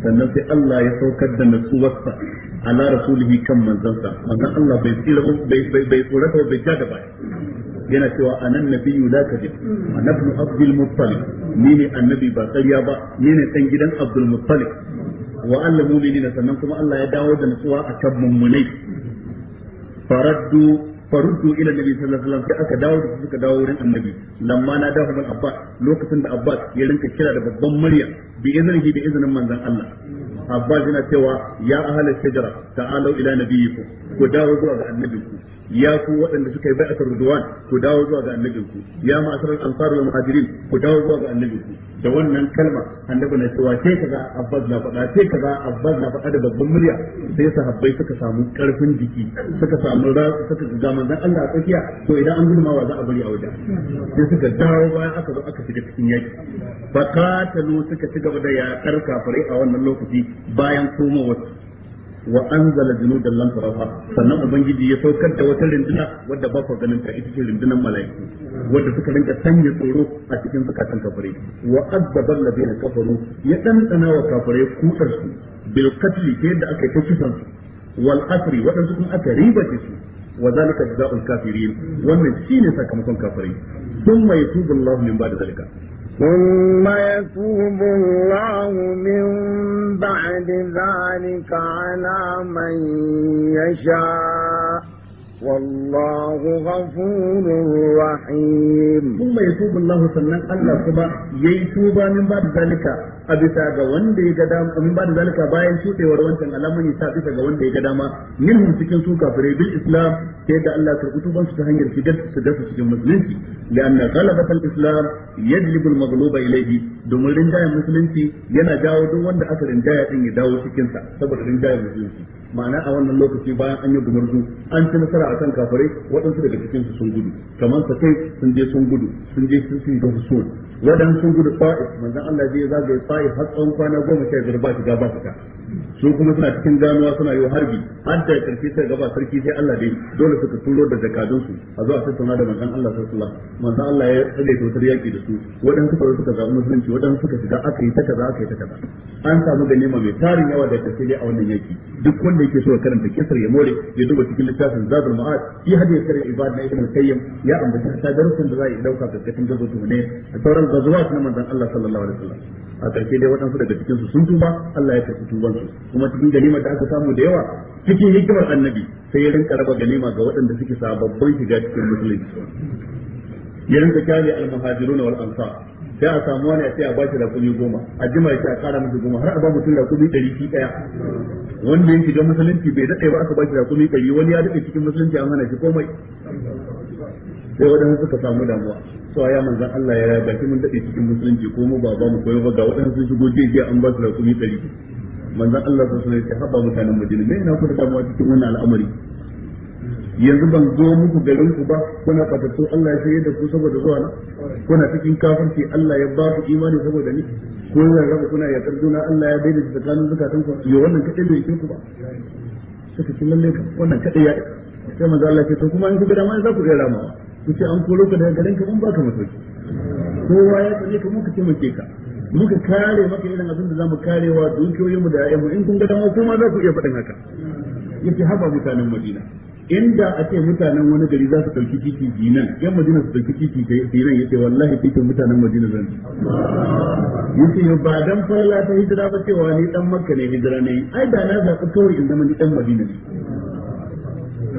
sannan sai Allah ya saukar da nasuwarsa ala rasulihi kan manzansa manzan Allah bai tsira bai bai bai tsorata bai ja da baya yana cewa anan nabiyyu la kadib mm. anabnu abdul muttalib ni ne annabi ba ƙarya ba ni ne dan gidan abdul muttalib wa alla mu'minina sannan kuma Allah ya dawo da nutsuwa a kan mummunai faraddu faruddu ila nabi sallallahu alaihi wasallam sai aka dawo da suka dawo wurin annabi lamma na dawo ban Abba lokacin da Abba ya rinka kira da babban murya bi iznihi da iznin manzon Allah abbas yana cewa ya ahlal shajara ta'alu ila nabiyyikum ku dawo zuwa ga annabinku ya ku waɗanda suka yi bai'atar ridwan ku dawo zuwa ga annabin ku ya ma asarar ansar wal muhajirin ku dawo zuwa ga annabin ku da wannan kalma annabi na cewa sai kaza abbas na faɗa sai kaza abbas na faɗa da babban murya sai sahabbai suka samu karfin jiki suka samu suka ga manzon Allah a tsakiya to idan an gudu ma wa za a bari a wajen sai suka dawo bayan aka zo aka shiga cikin yaki fa katalu suka ci gaba da yaƙar kafirai a wannan lokaci bayan komawa wa anzala junudan lam tarawha sannan ubangiji ya saukar da wata rinduna wadda ba ku ganin ta ita ce rindunan mala'iku wadda suka rinka sanya tsoro a cikin zakatan kafari. wa azzaba alladhina kafaru ya ɗanɗana wa kafare kudar su bil qatli ta yadda aka ta kisan su wal asri wadansu kuma aka ribace su wa zalika jazaa'ul kafirin wannan shine sakamakon kafirai thumma yatubu Allahu min ba'da zalika ثم يتوب الله من بعد ذلك على من يشاء والله غفور رحيم ثم يتوب الله سنن الله كما يتوب من بعد ذلك أبسا غوان دي قدام من بعد ذلك باين شوتي وروان سن الله من يسا بسا غوان دي قدام منهم سكن سوكا فري بالإسلام تيدا الله تركتوبا ستهنجر سجد سجد سجد مسلم لأن غلبة الإسلام يجلب المغلوب إليه دوم رنجاية مسلم ينا جاو دوان دا أثر رنجاية إن يداو سكنسا سبب رنجاية مسلم ma'ana a wannan lokaci bayan an yi gumurzu an ci nasara a kan kafare waɗansu daga cikin su sun gudu kamar sa kai sun je sun gudu sun je sun sun gudu sun waɗansu sun gudu ta'if manzon Allah ya zagaye ta'if har tsawon kwana goma sha biyar ba shiga ba fita su kuma suna cikin ganuwa suna yi harbi har da karfi sai gaba sarki sai Allah dai dole suka turo da zakadun su a zuwa tattauna da manzon Allah sallallahu alaihi wasallam manzon Allah ya tsare totar yaki da su waɗansu suka suka zaɓi musulunci waɗansu suka shiga aka yi ta kaza aka yi ta kaza an samu ganima mai tarin yawa da ta a wannan yaki duk wanda yake so ya karanta kisar ya more ya duba cikin littafin Zadul Ma'ad shi hadi ya karanta ibad na Ibn kayyim ya ambata ta darasin da za a yi dauka gazo ne da sauran gazuwa na manzon Allah sallallahu alaihi wasallam a ƙarshe dai waɗansu daga cikin su sun tuba Allah ya tafi tuban su kuma cikin ganimar da aka samu da yawa cikin hikimar annabi sai ya rinka raba ganima ga waɗanda suke sababbin shiga cikin musulunci ya rinka kyale al na wal ansar sai a samu wani a sai a bashi rakumi goma a jima ya ce a kara masa goma har a ba mutum rakumi ɗari shi ɗaya wanda ya shiga musulunci bai daɗe ba aka bashi rakumi ɗari wani ya daɗe cikin musulunci an hana shi komai sai waɗansu suka samu damuwa so ya manzan Allah ya baki mun daɗe cikin musulunci ko mu ba ba mu koyo ba ga waɗansu sun shigo jiya an ba su rakumi ɗari manzan Allah sun sunan ya haɓa mutanen Madina me yana kuma damuwa cikin wannan al'amari yanzu ban zo muku garin ku ba kuna fatattu Allah ya shirye da ku saboda zuwa na kuna cikin kafirci Allah ya ba ku imani saboda ni ko yana raba kuna ya juna Allah ya bai da tsakanin zakatan ku yo wannan kadai bai ku ba suka ce lalle wannan kadai ya sai manzo Allah ya ce to kuma in ku ga dama za ku iya ramawa kuce an koro ka daga garin ka mun baka masauki kowa ya tsare ka muka taimake ka muka kare maka irin abin da zamu karewa dukiyoyin mu da ayyamu in kun ga dan kuma za ku iya faɗin haka yace haba mutanen Madina inda a ce mutanen wani gari za su ɗauki titi dinan yan madina su ɗauki titi dinan yace wallahi titin mutanen madina zan yace yo ba dan falla ta hijira ba cewa ni dan makka ne hijira ne ai da na zaɓi kawai in zama ni dan madina ne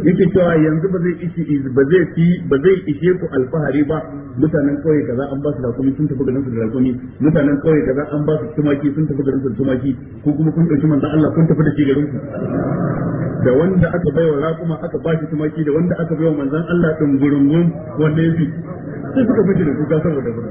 yake cewa yanzu ba zai ishi ba zai fi ba zai ishe ku alfahari ba mutanen kauye kaza an ba su rakumi sun tafi garin su da rakumi mutanen kauye kaza an ba su tumaki sun tafi garin su da tumaki ko kuma kun dauki manzo Allah kun tafi da shi garin ku da wanda aka baiwa rakuma aka ba shi tumaki da wanda aka baiwa manzo Allah din gurungun wanda yafi sai suka fice da ga saboda ba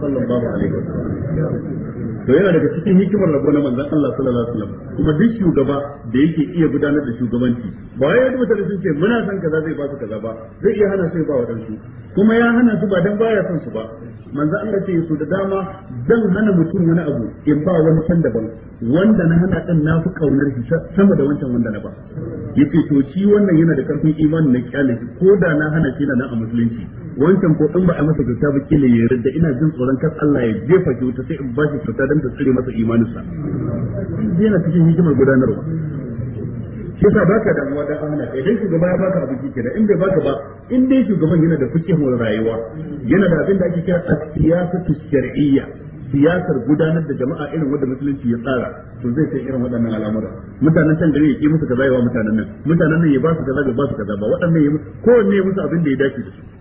sallallahu alaihi wasallam to yana daga cikin hikimar rabo na manzon Allah sallallahu alaihi wasallam kuma duk shugaba da yake iya gudanar da shugabanci ba ya da mutane sun ce muna san kaza zai ba su kaza ba zai iya hana su ba dansu kuma ya hana su ba dan baya son su ba manzon Allah ce su da dama dan hana mutum wani abu in ba wani can daban wanda na hana din na fi kaunar shi sama da wancan wanda na ba yace to shi wannan yana da karfin imani na kyale ko da na hana shi na a musulunci wancan ko in ba a masa kyauta ba kila ya yarda ina jin tsoron kar Allah ya jefa kyauta sai in ba shi kyauta dan ta tsire masa imaninsa yana cikin hikimar gudanarwa shi yasa baka da damuwa da amana kai dan shugaba ya baka abin kike da in bai baka ba in dai shugaban yana da mu rayuwa yana da abin da ake kira siyasatu shar'iyya siyasar gudanar da jama'a irin wanda musulunci ya tsara to zai kai irin waɗannan al'amura mutanen can gari ya ki musu kaza yawa mutanen nan mutanen nan ya ba su kaza ya ba su kaza ba waɗannan ya ko ne musu abin da ya dace da su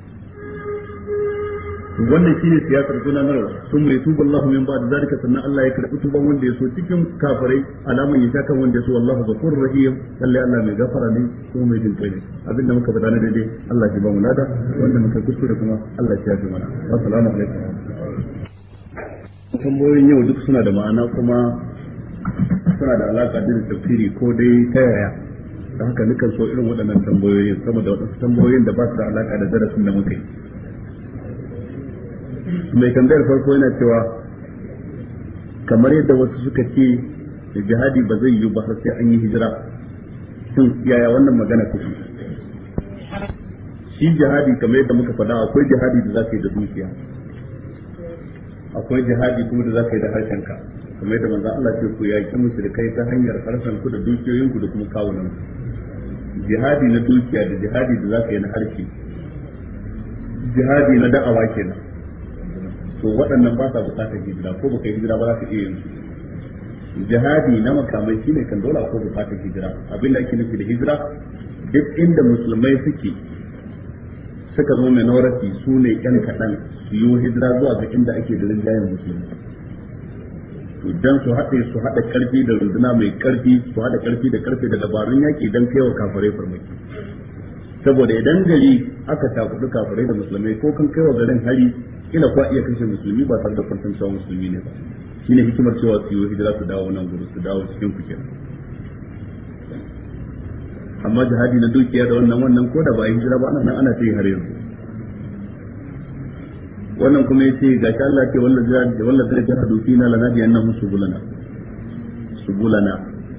wannan shine siyasar gudanarwa sun mai tuba Allah min ba'da zalika sannan Allah ya karbi tuban wanda ya so cikin kafirai alaman ya shaka wanda ya so wallahu ghafurur rahim lalle Allah mai gafara ne kuma mai jin kai abinda muka faɗa na daidai Allah ya ba mu lada wanda muka kuskure kuma Allah ya yafe mana assalamu alaikum tambayoyin yau duk suna da ma'ana kuma suna da alaka da tafsiri ko dai ta yaya da haka nukan so irin waɗannan tambayoyin sama da waɗansu tambayoyin da ba su da alaka da darasin da muka yi mai tambayar farko yana cewa kamar yadda wasu suka ce jihadi ba zai yi ba har sai an yi hijira shin yaya wannan magana kuke shi jihadi kamar yadda muka faɗa akwai jihadi da za yi da dukiya akwai jihadi kuma da za yi da harshenka kamar yadda manzo Allah ce ku yaki musu da kai ta hanyar harshen ku da dukiyoyin ku da kuma kawunan jihadi na dukiya da jihadi da za yi na harshe jihadi na da'awa kenan to waɗannan ba sa bukatar hijira ko baka hijira ba za ka iya yin jihadi na makamai shine kan dole ko bukatar hijira abinda ake nufi da hijira duk inda musulmai suke suka zo mai naurafi su ne yan kaɗan su yi hijira zuwa ga inda ake da rinjayen musulmi to su haɗe su haɗa ƙarfi da runduna mai ƙarfi su haɗa ƙarfi da ƙarfi da dabarun yaƙi dan kaiwa kafirai farmaki saboda idan gari aka takudu kafirai da musulmai ko kan kaiwa garin hari kila kuwa iya kashe musulmi ba tare da kwantan cewa musulmi ne ba shine hikimar cewa su yi hijira su dawo nan gudu su dawo cikin ku kenan amma jihadi na dukiya da wannan wannan ko da ba yi hijira ba ana nan ana ta yi har yanzu wannan kuma yace ga shi Allah ce wallahi jihadi wannan da jihadu fina lana bi annahu subulana subulana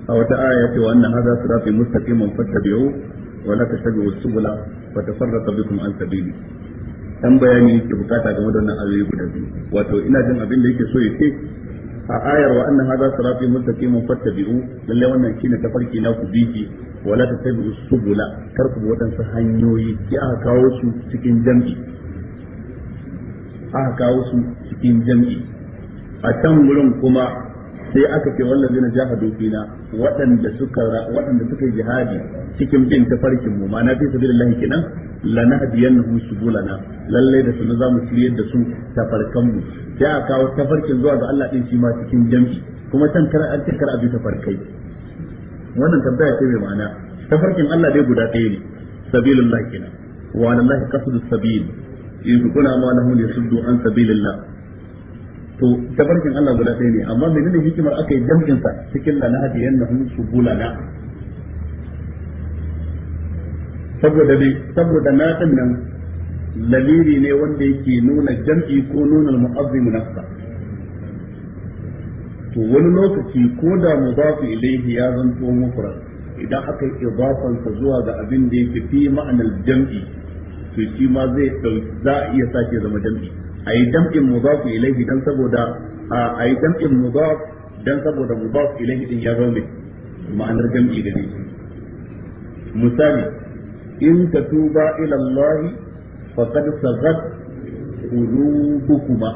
a wata aya yace wa anna hadha sirati mustaqiman fattabi'u wa la tattabi'u subula fa tafarraqu bikum an sabili dan bayani yake bukata game da wannan ayoyi guda biyu wato ina jin abin da yake so ya ce a ayar wa anna hadha sirati mustaqimun fattabi'u lalle wannan shine tafarki na ku biki wala tattabi'u subula kar ku wadansu hanyoyi ki aka kawo su cikin jam'i aka kawo su cikin jam'i a can gurin kuma sai aka ce wallazina jahadu fina waɗanda suka waɗanda suka jihadi cikin bin tafarkin mu ma'ana fi sabilillah kenan lanahdiyannahum subulana lalle da su za mu shiryar da su tafarkan mu sai a kawo tafarkin zuwa ga Allah din shi ma cikin jam'i kuma can kar an tikar abi tafarkai wannan tabbaya ce mai ma'ana tafarkin Allah dai guda ɗaya ne sabilullah kenan wa alallahi qasdu sabil yuzquna ma lahum yasuddu an sabilillah to tafarkin Allah guda ɗaya ne amma menene hikimar aka yi jam'in sa cikin lanahadiyannahum subulana saboda bai saboda na san nan lamiri ne wanda yake nuna jam'i ko nuna mu'azzimu nafsa to wani lokaci ko da mu ba su ilaihi ya zanto mufrad idan aka yi idafan sa zuwa ga abin da yake fi ma'anar jam'i to shi ma zai za a iya sake zama jam'i A yi jam'in mu ba su ilaihi dan saboda ayi jam'in mudaf dan saboda mudaf ilayhi din ya zama ma'anar jam'i da ne misali in tatuba ila Allah faqad sagat qulubukuma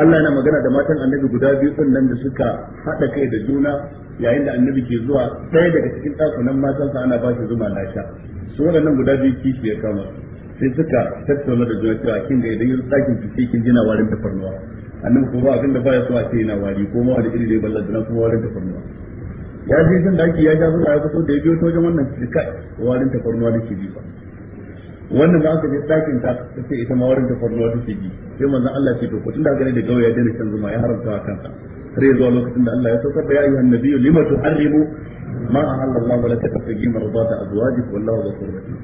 Allah yana magana da matan annabi guda biyu din nan da suka hada kai da juna yayin da annabi ke zuwa ɗaya daga cikin ɗakunan matansa ana ba shi zuma na sha su waɗannan guda biyu kishi ya kama sai suka tattauna da juna cewa kin ga idan yin ɗakin kishi kin jina warin tafarnuwa annabi kuma ba abin da baya so a ce yana wari ko ma da iri ne ballan da kuma warin tafarnuwa ya je da daki ya ja zuwa ya fito da ya biyo ta wajen wannan cikin warin tafarnuwa da ke bi ba wannan da aka je dakin ta ta ce ita ma warin tafarnuwa ta ke bi sai manzon Allah ce to kutun da gane da gawa ya dena shan zuma ya haramta wa kansa har ya zuwa lokacin da Allah ya saukar da ya ayyuhan nabiyyu lima tuharrimu ma ahallallahu laka tafsiri marzata azwajik wallahu ghafurur rahim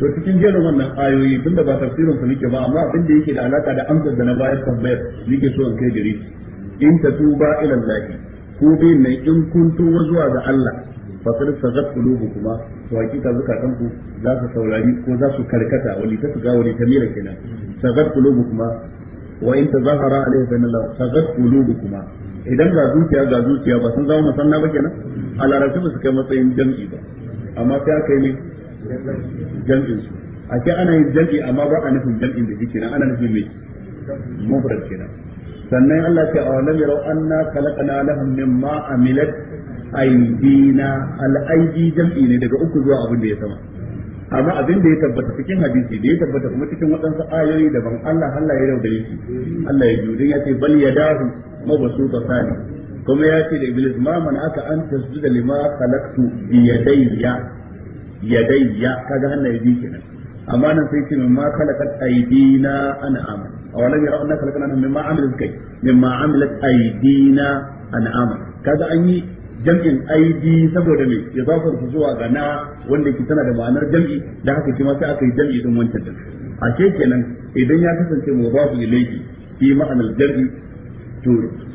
to cikin jerin wannan ayoyi tunda ba tafsirin su nake ba amma abin da yake da alaka da amsar da na bayar tambayar nake so in kai gari in ta tuba ila Allah ko biyun nan in kun tuba zuwa ga Allah fa kad sagat qulubukuma to hakika zakatan ku za su saurari ko za su karkata wali ta ga wali ta mira kenan sagat qulubukuma wa in tazahara alayhi fa inna Allah sagat kuma idan ga zuciya ga zuciya ba sun zama musanna ba kenan a larabci ba su kai matsayin jam'i ba amma sai aka yi ne jam'in su a ana yin jam'i amma ba a nufin jam'in da shi kenan ana nufin mai mufrad kenan sannan Allah ce a wannan yarau anna khalaqna lahum mimma amilat aydina al jam'i ne daga uku zuwa abin da ya sama amma abin da ya tabbata cikin hadisi da ya tabbata kuma cikin waɗansu ayoyi daban Allah Allah ya raudare shi Allah ya jure ya ce bal yadahu mabsuta sani kuma ya ce da iblis ma man aka an tasjuda lima khalaqtu bi yadayya yadayya kaga hannaye bi kenan amma nan sai ce ma khalaqat aydina ana amana awalam yara anna khalaqna lahum mimma amilat kai mimma amilat aydina an'ama kaga an yi jam'in aidi saboda me ya zafar su zuwa ga na wanda ke tana da ma'anar jam'i da haka kima sai aka yi jam'i din wancan din a ke kenan idan ya kasance mu ba su ilayhi fi ma'anar jam'i to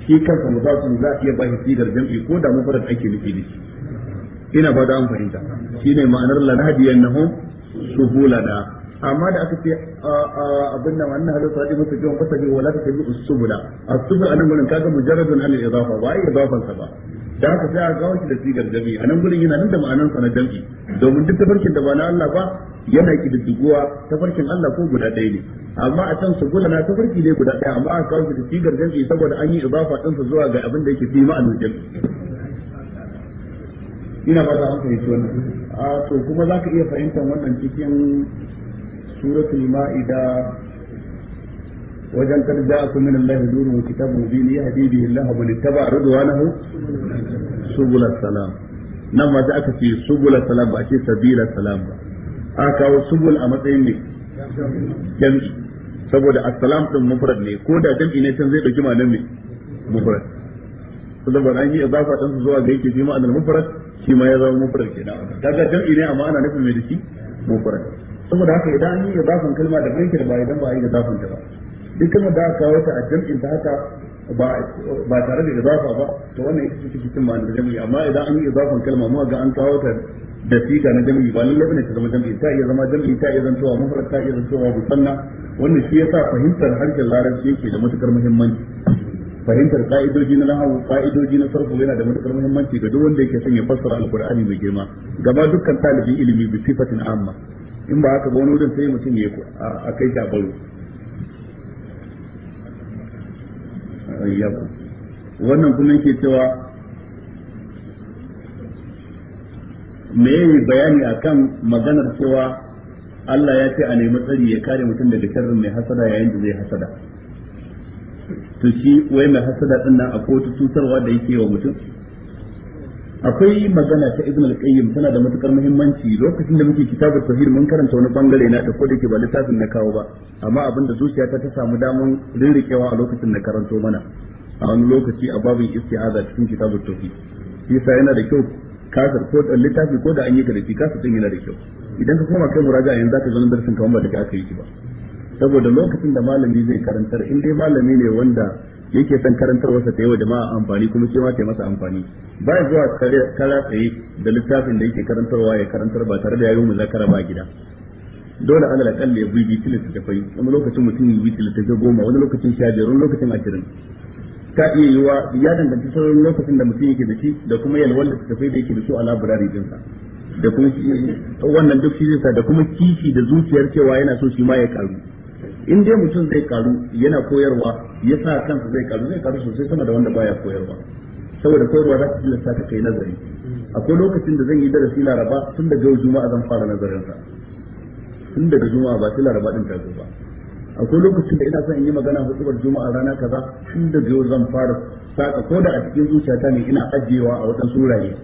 shi kansa mu ba su za a iya ba shi jam'i ko da mu farad ake nufi da shi ina ba da an fahimta shine ma'anar lanahdiyan nahum da amma da aka ce abin nan wannan hadisi sai musu jiwon fasabi wala ta tabi usubula asubul anan gurin kaga mujarradun an idafa ba ai idafan sa ba da aka sai a gawo shi da sigar jami'i anan gurin yana nan da ma'anar sa na jami'i domin duk tafarkin da ba na Allah ba yana kididdiguwa tafarkin Allah ko guda ɗaya ne amma a can subula na tafarki ne guda ɗaya amma aka kawo shi da sigar jami'i saboda an yi idafa din sa zuwa ga abin da yake fi ma'anar jami'i ina ba za a fahimci wannan a to kuma za ka iya fahimtar wannan cikin suratul ma'ida wajen kad ja'akum min Allah nurun wa kitabun mubin yahdi bihi Allah man ittaba ridwanahu subul salam nan ma aka ce subul salam ba a ce sabila salam ba aka kawo subul a matsayin ne jam'i saboda assalam din mufrad ne ko da jam'i ne can zai dauki ma'anar ne mufrad saboda an yi idafa dan zuwa ga yake shi ma'anar mufrad ya zama ne amma ana da shi saboda haka idan an yi idafan kalma da banki da ba idan ba a yi idafan ta ba duk kalmar da aka kawo ta a jam'in ta haka ba tare da idafa ba to wannan ita ce cikin ma'anar da jami'i amma idan an yi idafan kalma mu ga an kawo ta da siga na jam'i ba lalle bane ta zama jami'i ta iya zama jami'i ta iya zantowa mufrad ta iya zantowa musanna wannan shi yasa fahimtar harshen larabci yake da matukar muhimmanci fahimtar ka'idoji na nahawu ka'idoji na sarfu yana da matukar muhimmanci ga duk wanda yake son ya fassara alqur'ani mai girma gaba dukkan talibin ilimi bi sifatin amma in ba haka ba wani wurin sai mutum ya a kai ta baro wannan kuma yake cewa me yi bayani akan maganar cewa Allah ya ce a nemi tsari ya kare mutum daga sharrin mai hasada yayin da zai hasada to shi wai mai hasada din nan akwai wata cutarwa da yake wa mutum akwai magana ta ibn al-qayyim tana da matukar muhimmanci lokacin da muke kitabul tafsir mun karanta wani bangare na da kodake ba littafin na kawo ba amma abin da zuciyata ta samu damun rirrikewa a lokacin da karanto mana a wani lokaci a babin isti'aza cikin kitabul tauhid yasa yana da kyau kasar ko da littafi ko da an yi karfi kasar din yana da kyau idan ka koma kai muraja yanzu zaka zama darsin kamar ba da aka yi ba saboda lokacin da malami zai karantar in dai malami ne wanda yake son wasa, ta yi wa jama'a amfani kuma shi ma ta yi masa amfani ba ya zuwa kara tsaye da littafin da yake karantarwa ya karantar ba tare da ya yi muzakara ba gida dole ana da kalle bi bi tilis da fai wani lokacin mutum yi bi tilis da goma wani lokacin sha biyar wani lokacin ashirin ka iya yi wa ya danganci sauran lokacin da mutum yake da shi da kuma yalwar da tafai da yake da su a laburari dinsa da kuma wannan duk shi zai sa da kuma kishi da zuciyar cewa yana so shi ma ya karu in dai mutum zai karu yana koyarwa ya sa kansa zai karu zai karu sosai sama da wanda baya koyarwa saboda koyarwa za ta tilasta ta kai nazari akwai lokacin da zan yi darasi laraba tun daga juma'a zan fara nazarin sa tun daga juma'a ba sai laraba din ta zo ba akwai lokacin da ina son in yi magana hudubar juma'a rana kaza tun daga yau zan fara saka ko da a cikin zuciyata ne ina ajiyewa a wadansu suraye.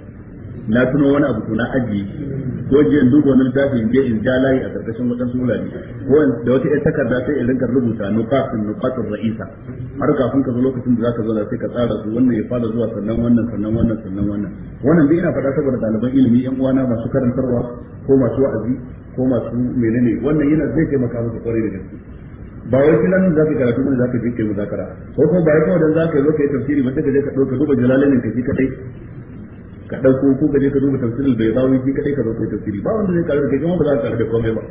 na tuno wani abu to na ajiye ko je in duba wani littafi in je in ja layi a karkashin waɗansu wurare ko da wata ƴar takarda sai in rinka rubuta nuqatun nuqatun ra'isa har kafin ka zo lokacin da zaka zo da sai ka tsara su wannan ya fara zuwa sannan wannan sannan wannan sannan wannan wannan dai ina faɗa saboda ɗaliban ilimi ƴan uwana masu karantarwa ko masu wa'azi ko masu menene wannan yana zai taimaka musu kwarai da gaske ba wai filan za zaka karatu mun zaka je kai muzakara ko ko ba wai kawai dan za ka zo kai tafsiri ba sai ka je ka dauka duba jalalain ka shi kadai ka dauko ko gaje ka duba tafsirin bai zawo shi kadai ka zo tafsiri ba wanda zai karu da kai kuma ba za ka karu da komai ba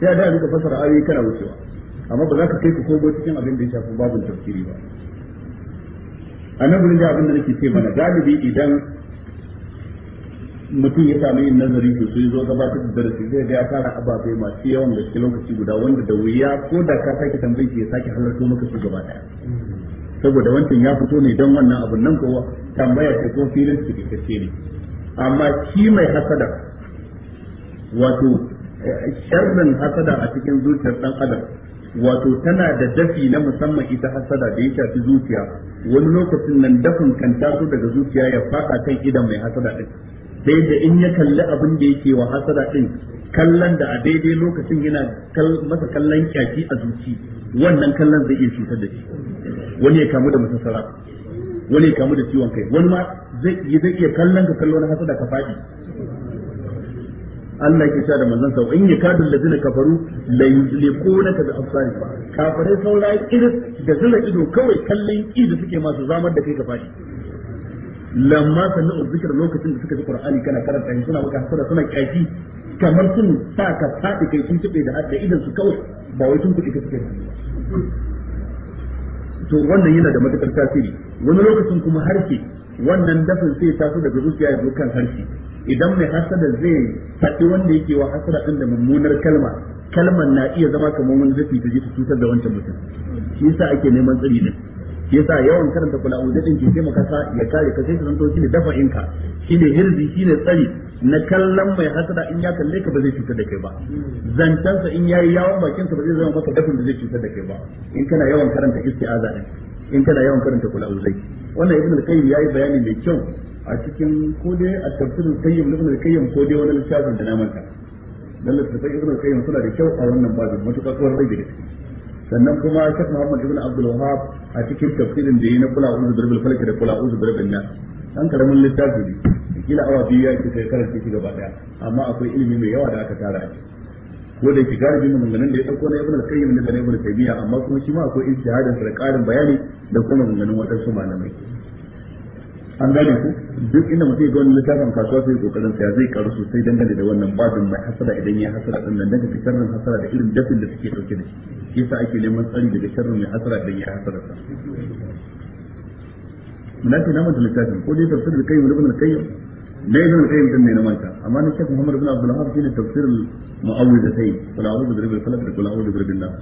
sai a da duka fasara ayoyi kana wucewa amma ba za ka kai ka kogo cikin abin da ya shafi babu tafsiri ba a nan gurin da abin da nake ce mana galibi idan mutum ya sami yin nazari sosai zo gabatar da darasi zai ga ya fara ababe masu yawan gaske lokaci guda wanda da wuya ko da ka sake tambayi ya sake halarta maka su gaba daya saboda wancan ya fito ne don wannan abun nan kowa tambaya ce ko filin cikakke ne amma shi mai hasada wato sharrin hasada a cikin zuciyar dan adam wato tana da dafi na musamman ita hasada da ya shafi zuciya wani lokacin nan dafin kan taso daga zuciya ya faɗa kan idan mai hasada din sai da in ya kalli abin da yake wa hasada ɗin kallon da a daidai lokacin yana masa kallon kyaki a zuci wannan kallon zai iya cutar da shi wani ya kamu da masassara wani ya kamu da ciwon kai wani ma zai iya kallon ka kallo na hasada ka faɗi Allah ke sha da manzon sa in ya da zina kafaru la yuzliqunaka bi absari kafirai saura iris da zina ido kawai kallon ido suke masu zamar da kai ka faɗi lamma sami'u zikr lokacin da suka ji qur'ani kana karanta shi suna maka hasada suna kyaki kamar sun sa ka faɗi kai sun tuɓe da idan su kawai ba wai sun kuɗi ka suke to wannan yana da matukar tasiri wani lokacin kuma harshe wannan dafin sai taso daga zuciya ya kan harshe idan mai hasada zai faɗi wanda yake wa hasada ɗin da mummunar kalma kalmar na iya zama kamar wani zafi ta je ta cutar da wancan mutum shi yasa ake neman tsari din shi yasa yawan karanta kula da ɗin ke taimaka ka ya kare ka sai ka zanto shi ne dafa'inka shi ne hirzi shi ne tsari na kallon mai hasada in ya kalle ka ba zai cutar da kai ba zantansa in yayi yawon bakin sa ba zai zama maka dafin da zai cutar da kai ba in kana yawan karanta isti'aza din in kana yawan karanta kula uzai wannan ibnu al-qayyim yayi bayani mai kyau a cikin ko dai a tafsirin qayyim ibnu al-qayyim ko dai wani littafin da na manta dan littafin ibnu al suna da kyau a wannan babin mutuƙa kawar rai da gaske sannan kuma Sheikh Muhammad ibn Abdul Wahhab a cikin tafsirin da yi na kula uzu birbil falak da kula uzu birbil nas an karamin littafi ne kila awa biyu ya ce sai karanta shi gaba daya amma akwai ilimi mai yawa da aka tara a ko da yake galibi maganganun da ya dauko na ibnu al-qayyim da na ibnu taymiya amma kuma shi ma akwai ijtihadin da karin bayani da kuma maganganun wadansu malamai an gane ku duk inda mutum ya ga wannan littafin kasuwa sai kokarin sa zai karu sosai dangane da wannan babin mai hasara idan ya hasara din nan dangane sharrin hasara da irin dafin da suke dauke da shi yasa ake neman tsari daga sharrin mai hasara idan ya hasara sa mun na namanta littafin ko dai tafsir da kayyim ibn al-qayyim na zan al-qayyim din ne na manta amma na shek muhammad ibn abdul wahhab shine tafsir al-mu'awwidatayn qul a'udhu bi rabbil falaq qul a'udhu bi rabbin nas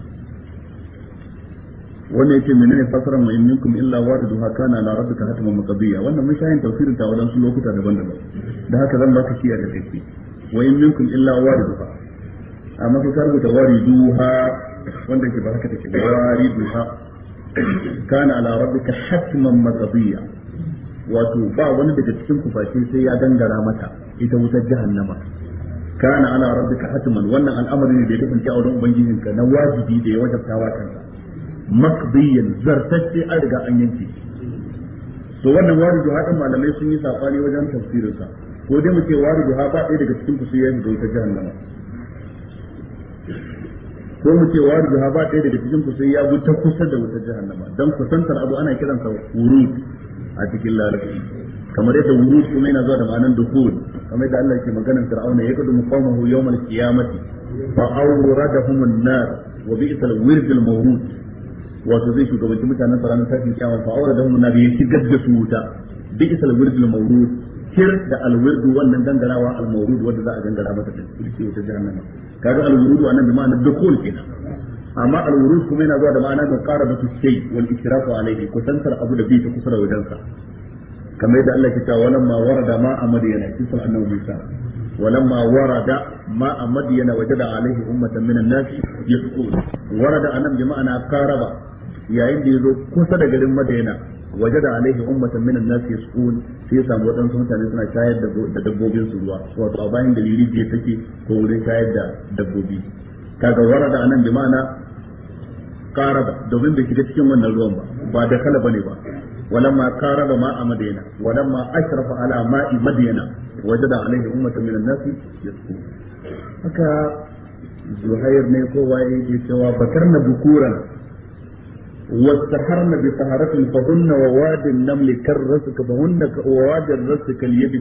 wannan yake menene fasaran mai minkum illa wariduha kana ala rabbika hatman maqdiya wannan mun shayin tafsirin ta wadansu lokuta daban-daban da haka zan baka shi a da take wa in minkum illa wariduha amma sai ka rubuta wariduha wanda ke ba haka take wariduha kana ala rabbika hatman maqdiya wato ba wani daga cikin kufashi sai ya gangara mata ita wutar jahannama kana ana rabbika hatman wannan al'amari ne da ya kasance a wurin ubangijin ka na wajibi da ya wajabta wa kanka maqdiyan zartacce an riga an yanke to wannan waridu hakan malamai sun yi sabani wajen tafsirin sa ko dai muke waridu ha ba ɗaya daga cikin ku sai ya shiga wutar jahannama ko mu ce wa ba ɗaya daga cikin ku sai ya bi kusa da wutar jahannama dan kusantar abu ana kiransa wurud a cikin larabci kamar yadda wurud kuma yana zuwa da ma'anar dukhul kamar yadda Allah ke maganar fir'auna ya kudu muqamahu yawmal qiyamati fa awradahum an-nar wa bi'sa al-wird al-mawrud wato zai shugabanci mutanen sa ranar tashin kiyama fa awradahum an-nar ya shigar da su wuta bi'sa al-wird al-mawrud kir da al-wird wannan dangarawa al-mawrud wanda za a dangara mata da shi wuta jahannama kaga al-wurud wannan bi ma'anar dukhul kenan amma al-wurus kuma yana zuwa da ma'ana da ƙara da shay wal ikraqu alayhi ko tantar abu da bi ta kusa da wajensa kamar yadda Allah ke cewa walan ma warada ma amadi yana kisa annabi Musa walan ma warada ma amadi yana wajada alayhi ummatan minan nas yaqul warada anan bi ma'ana qaraba yayin da yazo kusa da garin Madina wajada alaihi ummatan minan nas yasqun sai ya samu wadansu mutane suna shayar da dabbobin su ruwa wato a bayan dalili da yake ko wurin shayar da dabbobi kaga warada anan bi ma'ana qaraba domin bai shiga cikin wannan ruwan ba ba da kala bane ba ولما قارب ماء ma ولما أشرف على ماء مدينة وجد عليه أمة من الناس يسكون haka zuhair ne kowa ya yi cewa bakar na bukuran wasta har na bisa harafin fahunna wa wadin namli kan rasu ka fahunna wa wadin rasu kan yabi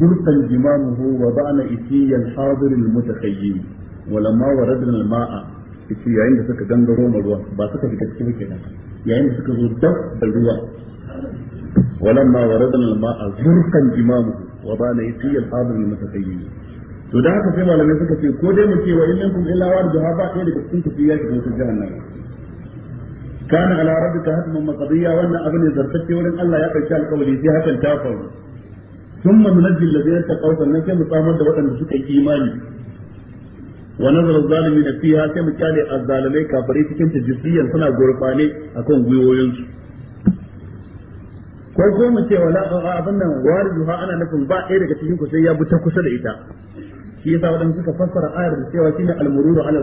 زلفا جمامه وضعن إسي الحاضر المتخيم ولما وردنا الماء إسي عند سكة جنجرو مروا باسكة في كتكي بكنا يعني سكة زدف بالروا ولما وردنا الماء زلفا جمامه وضعن إسي الحاضر المتخيم to da haka sai malamai suka ce ko dai mu ce wa illan kum illa wardu ha ba ɗaya daga cikin tafiya ki zuwa jahannama kana ala rabbika hatman maqdiya wannan abu ne zartacce wurin Allah ya dauki alƙawari sai hakan ta faru ثم ننجي الذين اتقوا sannan sai mu samar da waɗanda suka yi imani wa nazar zalimi da fiha sai mu kyale azzalimai kafirai cikin tajisiyan suna gurfane akan gwiwoyinsu ko ko mu ce wala abin nan warizuha ana nufin ba daga cikin ku sai ya bi ta kusa da ita shi yasa waɗanda suka fassara ayar da cewa shine al-mururu ala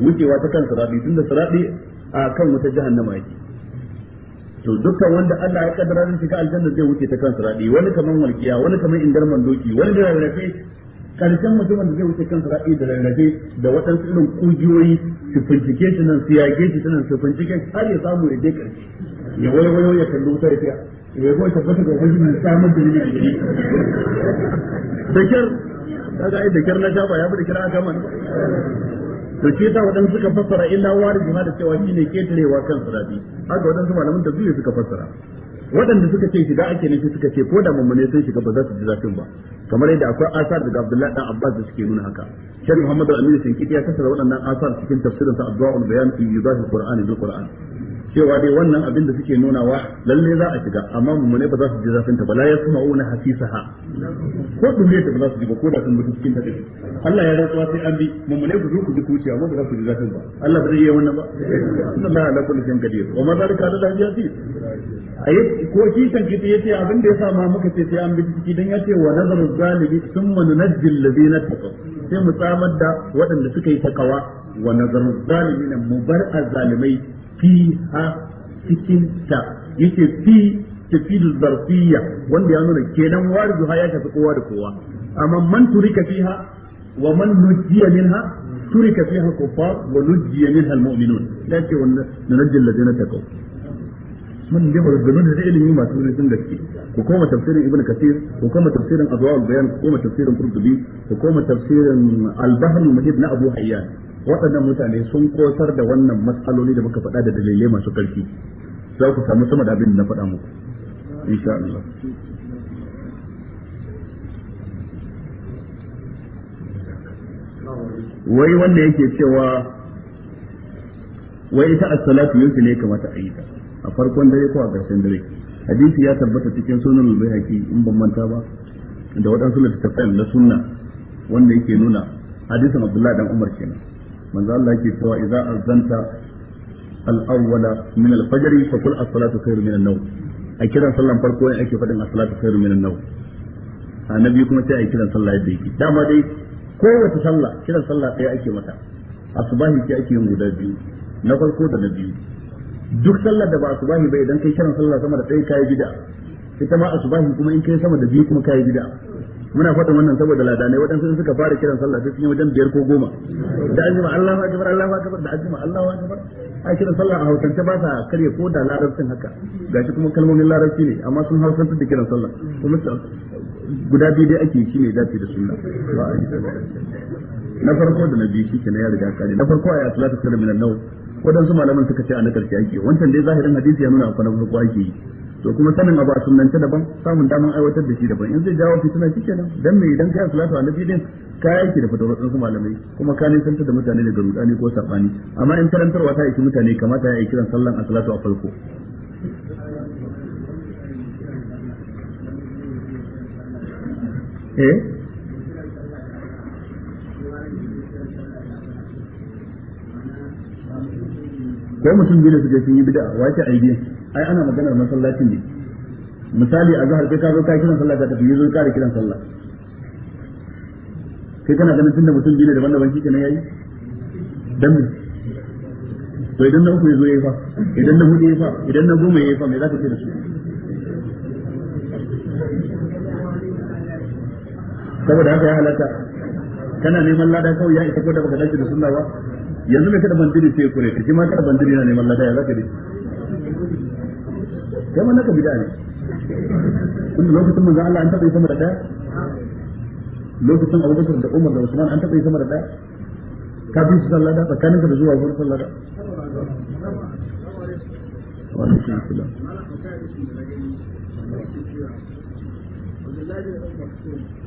wucewa ta kan sirati tunda sirati a kan wuta jahannama yake to dukkan wanda Allah ya kaddara zai shiga aljanna zai wuce ta kansa radi wani kaman walkiya wani kaman indar mandoki wani da rarrafe karshen mutumin da zai wuce kansa radi da rarrafe da waɗansu irin kujiyoyi su fincike shi nan su yage shi nan su fincike har ya samu ya je karshe ya wayo ya kallo ta ya ya go tabbata ga wani mai samun da ne a gidi da kyar da kyar na shafa ya bi da kira aka mun. to ke yasa wadan suka fassara illa wari jima da cewa shine ketarewa kan sarabi haka malamin malaman zuwa suka fassara waɗanda suka ce shiga ake nufi suka ce ko da mummune sun shiga ba za su ji zafin ba kamar yadda akwai asar daga Abdullahi dan Abbas da suke nuna haka Sheikh Muhammad Al-Amin Shinkiti ya kasar waɗannan asar cikin tafsirin sa Adwa'ul Bayan fi Yudahi Qur'ani bil qur'ani cewa dai wannan abin da suke nunawa lalle za a shiga amma mu ne ba za su ji zafin ta ba la yasma'una hasisaha ko duniya ta ba za su ji ba ko da sun mutu cikin ta Allah ya rantsuwa sai an bi mu ne ku zo ku ji kuciya ba za ku ji zafin ba Allah ba zai yi wannan ba inna Allah ala kulli shay'in qadir wa ma zalika ala hajjati ayi ko shi kan kiti yace abin da ya sa ma muka ce sai an bi ciki dan yace wa nazaru zalimi thumma nunajjil ladina taqaw sai mu samar da waɗanda suka yi takawa wa nazaru mu bar azzalimai fiha cikin ta yace fi tafidu zarfiyya wanda ya nuna kenan waridu ha ya tafi kowa da kowa amma man turika fiha wa man nujiya minha turika fiha al-kuffar wa nujiya minha al-mu'minun dace wannan nanajjil ladina taqaw mun da maganganun da ilimi masu wurin gaske ku koma tafsirin ibnu kathir ku koma tafsirin adwa al-bayan ku koma tafsirin qurtubi ku koma tafsirin al-bahr al-muhit na abu hayyan waɗannan mutane sun kosar da wannan matsaloli da muka faɗa da dalilai masu ƙarfi za ku samu sama da abin da na faɗa muku insha Allah wai wanda yake cewa wai ita as-salatu yanzu ne kamata a yi ta a farkon dare ko a ƙarshen dare hadisi ya tabbata cikin sunan al-bayhaqi in ban manta ba da waɗansu littattafan na sunna wanda yake nuna hadisin Abdullahi dan Umar kenan manzo Allah yake cewa idza azanta al-awwala min al-fajr fa kul as-salatu khairu min an-nawm a kiran sallan farko ne ake fadin as-salatu khairu min an-nawm annabi kuma sai a kiran sallah yadda yake dama dai kowace sallah kiran sallah ɗaya ake mata asubahi ce ake yin guda biyu na farko da na biyu duk sallah da ba asubahi ba idan kai kiran sallah sama da ɗaya kayi bid'a ita ma asubahi kuma in kai sama da biyu kuma kayi bid'a muna faɗin wannan saboda ladanai waɗansu suka fara kiran sallah sai sun yi wajen biyar ko goma da an jima Allahu akbar Allahu akbar da an jima Allahu akbar a kiran sallah a hausance ba sa kare ko da larabcin haka gashi kuma kalmomin larabci ne amma sun hausantar da kiran sallah kuma guda biyu dai ake shi ne zafi da sunna na farko da na biyu shi ke na ya riga kare na farko a salatu sallah min an-naw waɗansu malaman suka ce a na karshe ake wancan dai zahirin hadisi ya nuna a na farko ake yi to kuma sanin abu a sunnance daban samun daman aiwatar da shi daban in zai jawo fitina shi kenan dan me idan kai salatu annabi din ka yake da fatawar su malamai kuma ka nisanta da mutane daga rudani ko sabani amma in karantarwa ta yake mutane kamata ya yi kiran sallan a salatu a farko eh ko mutum biyu da suke sun yi bid'a wace aidiyan ai ana maganar masallacin ne misali a zahar kai ka zo ka kiran sallah ka tafi yuzu ka kiran sallah kai kana ganin tunda mutum biyu ne daban-daban shi kenan yayi dan to idan na uku yazo yayi fa idan na hudu yayi fa idan na goma yayi fa me ka ce da su saboda haka ya halatta kana neman lada kawai ya isa ko da baka dace da sunna ba yanzu ne kada bandiri sai kure kaji ma kada bandiri na neman lada ya zaka dace kai ma naka bid'a ne inda lokacin manzo Allah an taɓa yi sama da daya lokacin Abubakar da Umar da Usman an taɓa yi sama da daya ka bi sallah da tsakaninka da zuwa gurin sallah da wa alaikum assalam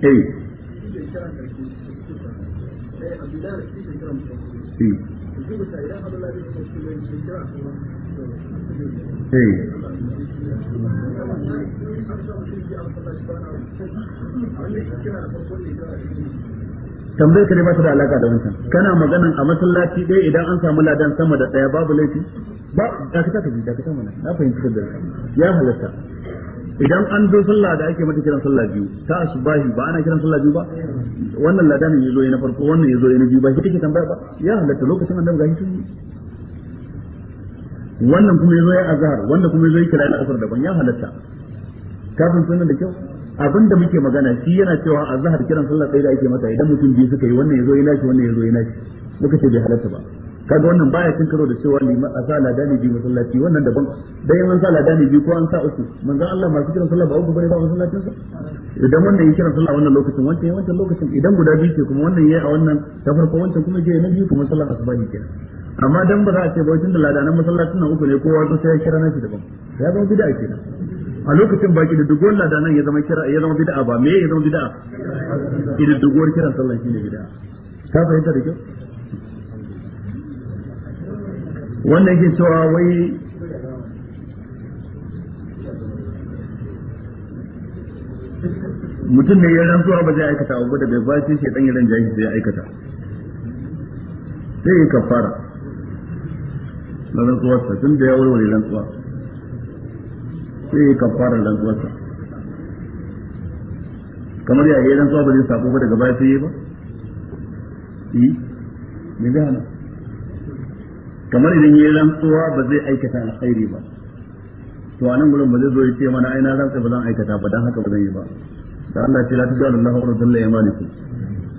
Hey. Hey. tambayar ka ne ba ta da alaka da wancan kana maganan a masallaci ɗaya idan an samu ladan sama da ɗaya babu laifi ba da ka tafi da ka mana na fahimci da ya halatta idan an zo sallah da ake mata kiran sallah biyu ta asubahi ba ana kiran sallah biyu ba wannan ya zo na farko wannan ya zo na biyu ba shi kake tambaya ba ya halatta lokacin annabi gashi shi wannan kuma ya zo ya azhar wannan kuma ya zo ya kira da asar daban ya halatta kafin sunan da kyau abin da muke magana shi yana cewa a zahar kiran sallah sai da ake mata idan mutum biyu suka yi wannan yazo ya lashi wannan yazo ya lashi muka ce bai halatta ba kaga wannan baya cin karo da cewa liman a sa ni biyu masallaci wannan daban yin yan sa ne biyu ko an sa uku manzon Allah masu kiran sallah ba uku bane ba masallacin sa idan wannan yake kiran sallah wannan lokacin wancan yayin wancan lokacin idan guda biyu ce kuma wannan yayi a wannan ta farko wancan kuma ya na biyu kuma sallah asuba ne kenan amma dan ba za a ce ba da ladanan masallacin nan uku ne kowa zai ya kira nashi daban ya zama bid'a kenan a lokacin ba ki da nan ya zama kira ya zama bid'a ba me ya zama bid'a ki diddigowar kiran sallah shine bid'a ka fahimta da kyau wannan yake cewa wai mutum ne ya rantsuwa ba zai aikata abu da bai ba shi dan yaran jahi sai aikata sai ya kafara na ta tun da ya warware rantsuwa sai ya kafara rantsuwarsa kamar ya yi rantsuwa ba zai sako ba daga baya sai ya ba yi mai gana kamar idan ya yi rantsuwa ba zai aikata alkhairi ba to a nan gurin ba zai zo ya ce mana aina na rantsa ba zan aikata ba don haka ba zan yi ba da Allah ce lati tujalu Allahu wa rasuluhu yamanikum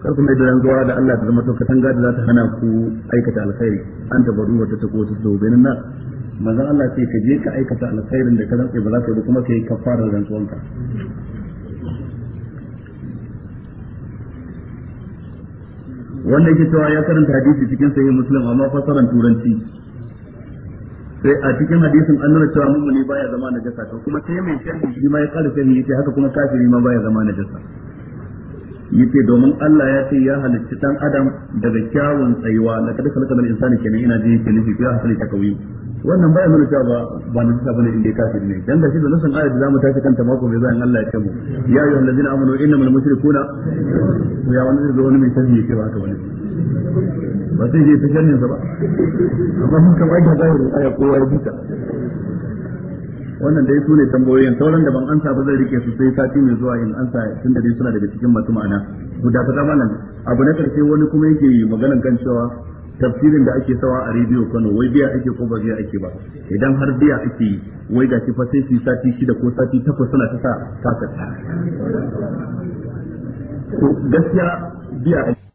kar kuma da rantsuwa da Allah ta zama to katanga da za ta hana ku aikata alkhairi an tabaru wata ta tako ta zo bainin nan manzon Allah ce ka je ka aikata alkhairin da ka rantsa ba za ka yi ba kuma kai kafarar rantsuwanka wanda yake cewa ya karanta hadisi cikin sahih muslim amma fasaran turanci sai a cikin hadisin an nuna cewa mummuni baya zama na jasa to kuma sai mai sharhi shi ma ya kara sharhi yace haka kuma kafiri ma baya zama na jasa yace domin Allah ya ce ya halicci dan adam daga kyawun tsayuwa na laqad khalaqal insana kenan ina ji yake nufi ya halicci ta kauyu wannan baya nuna cewa ba ba na jisa bane inda kafiri ne dan shi da nasan ayat da zamu tashi kanta mako mai zan Allah ya mu. ya ayu allazina amanu innamal mushrikuna ya wani da wani mai tafi yake ba ka wani ba sai yi tafi ne ba amma mun kamar da zai aya kowa ya bita wannan dai sune tambayoyin sauran da ban ansa ba zai rike su sai sati mai zuwa in ansa tunda dai suna daga cikin masu ma'ana guda ta malam abu na karshe wani kuma yake maganar kan cewa tafsirin da ake sawa a rediyo Kano wai biya ake ko ba biya ake ba idan har biya ake yi wai ga fa sai su sati shida ko sati takwas suna ta sa kasa ta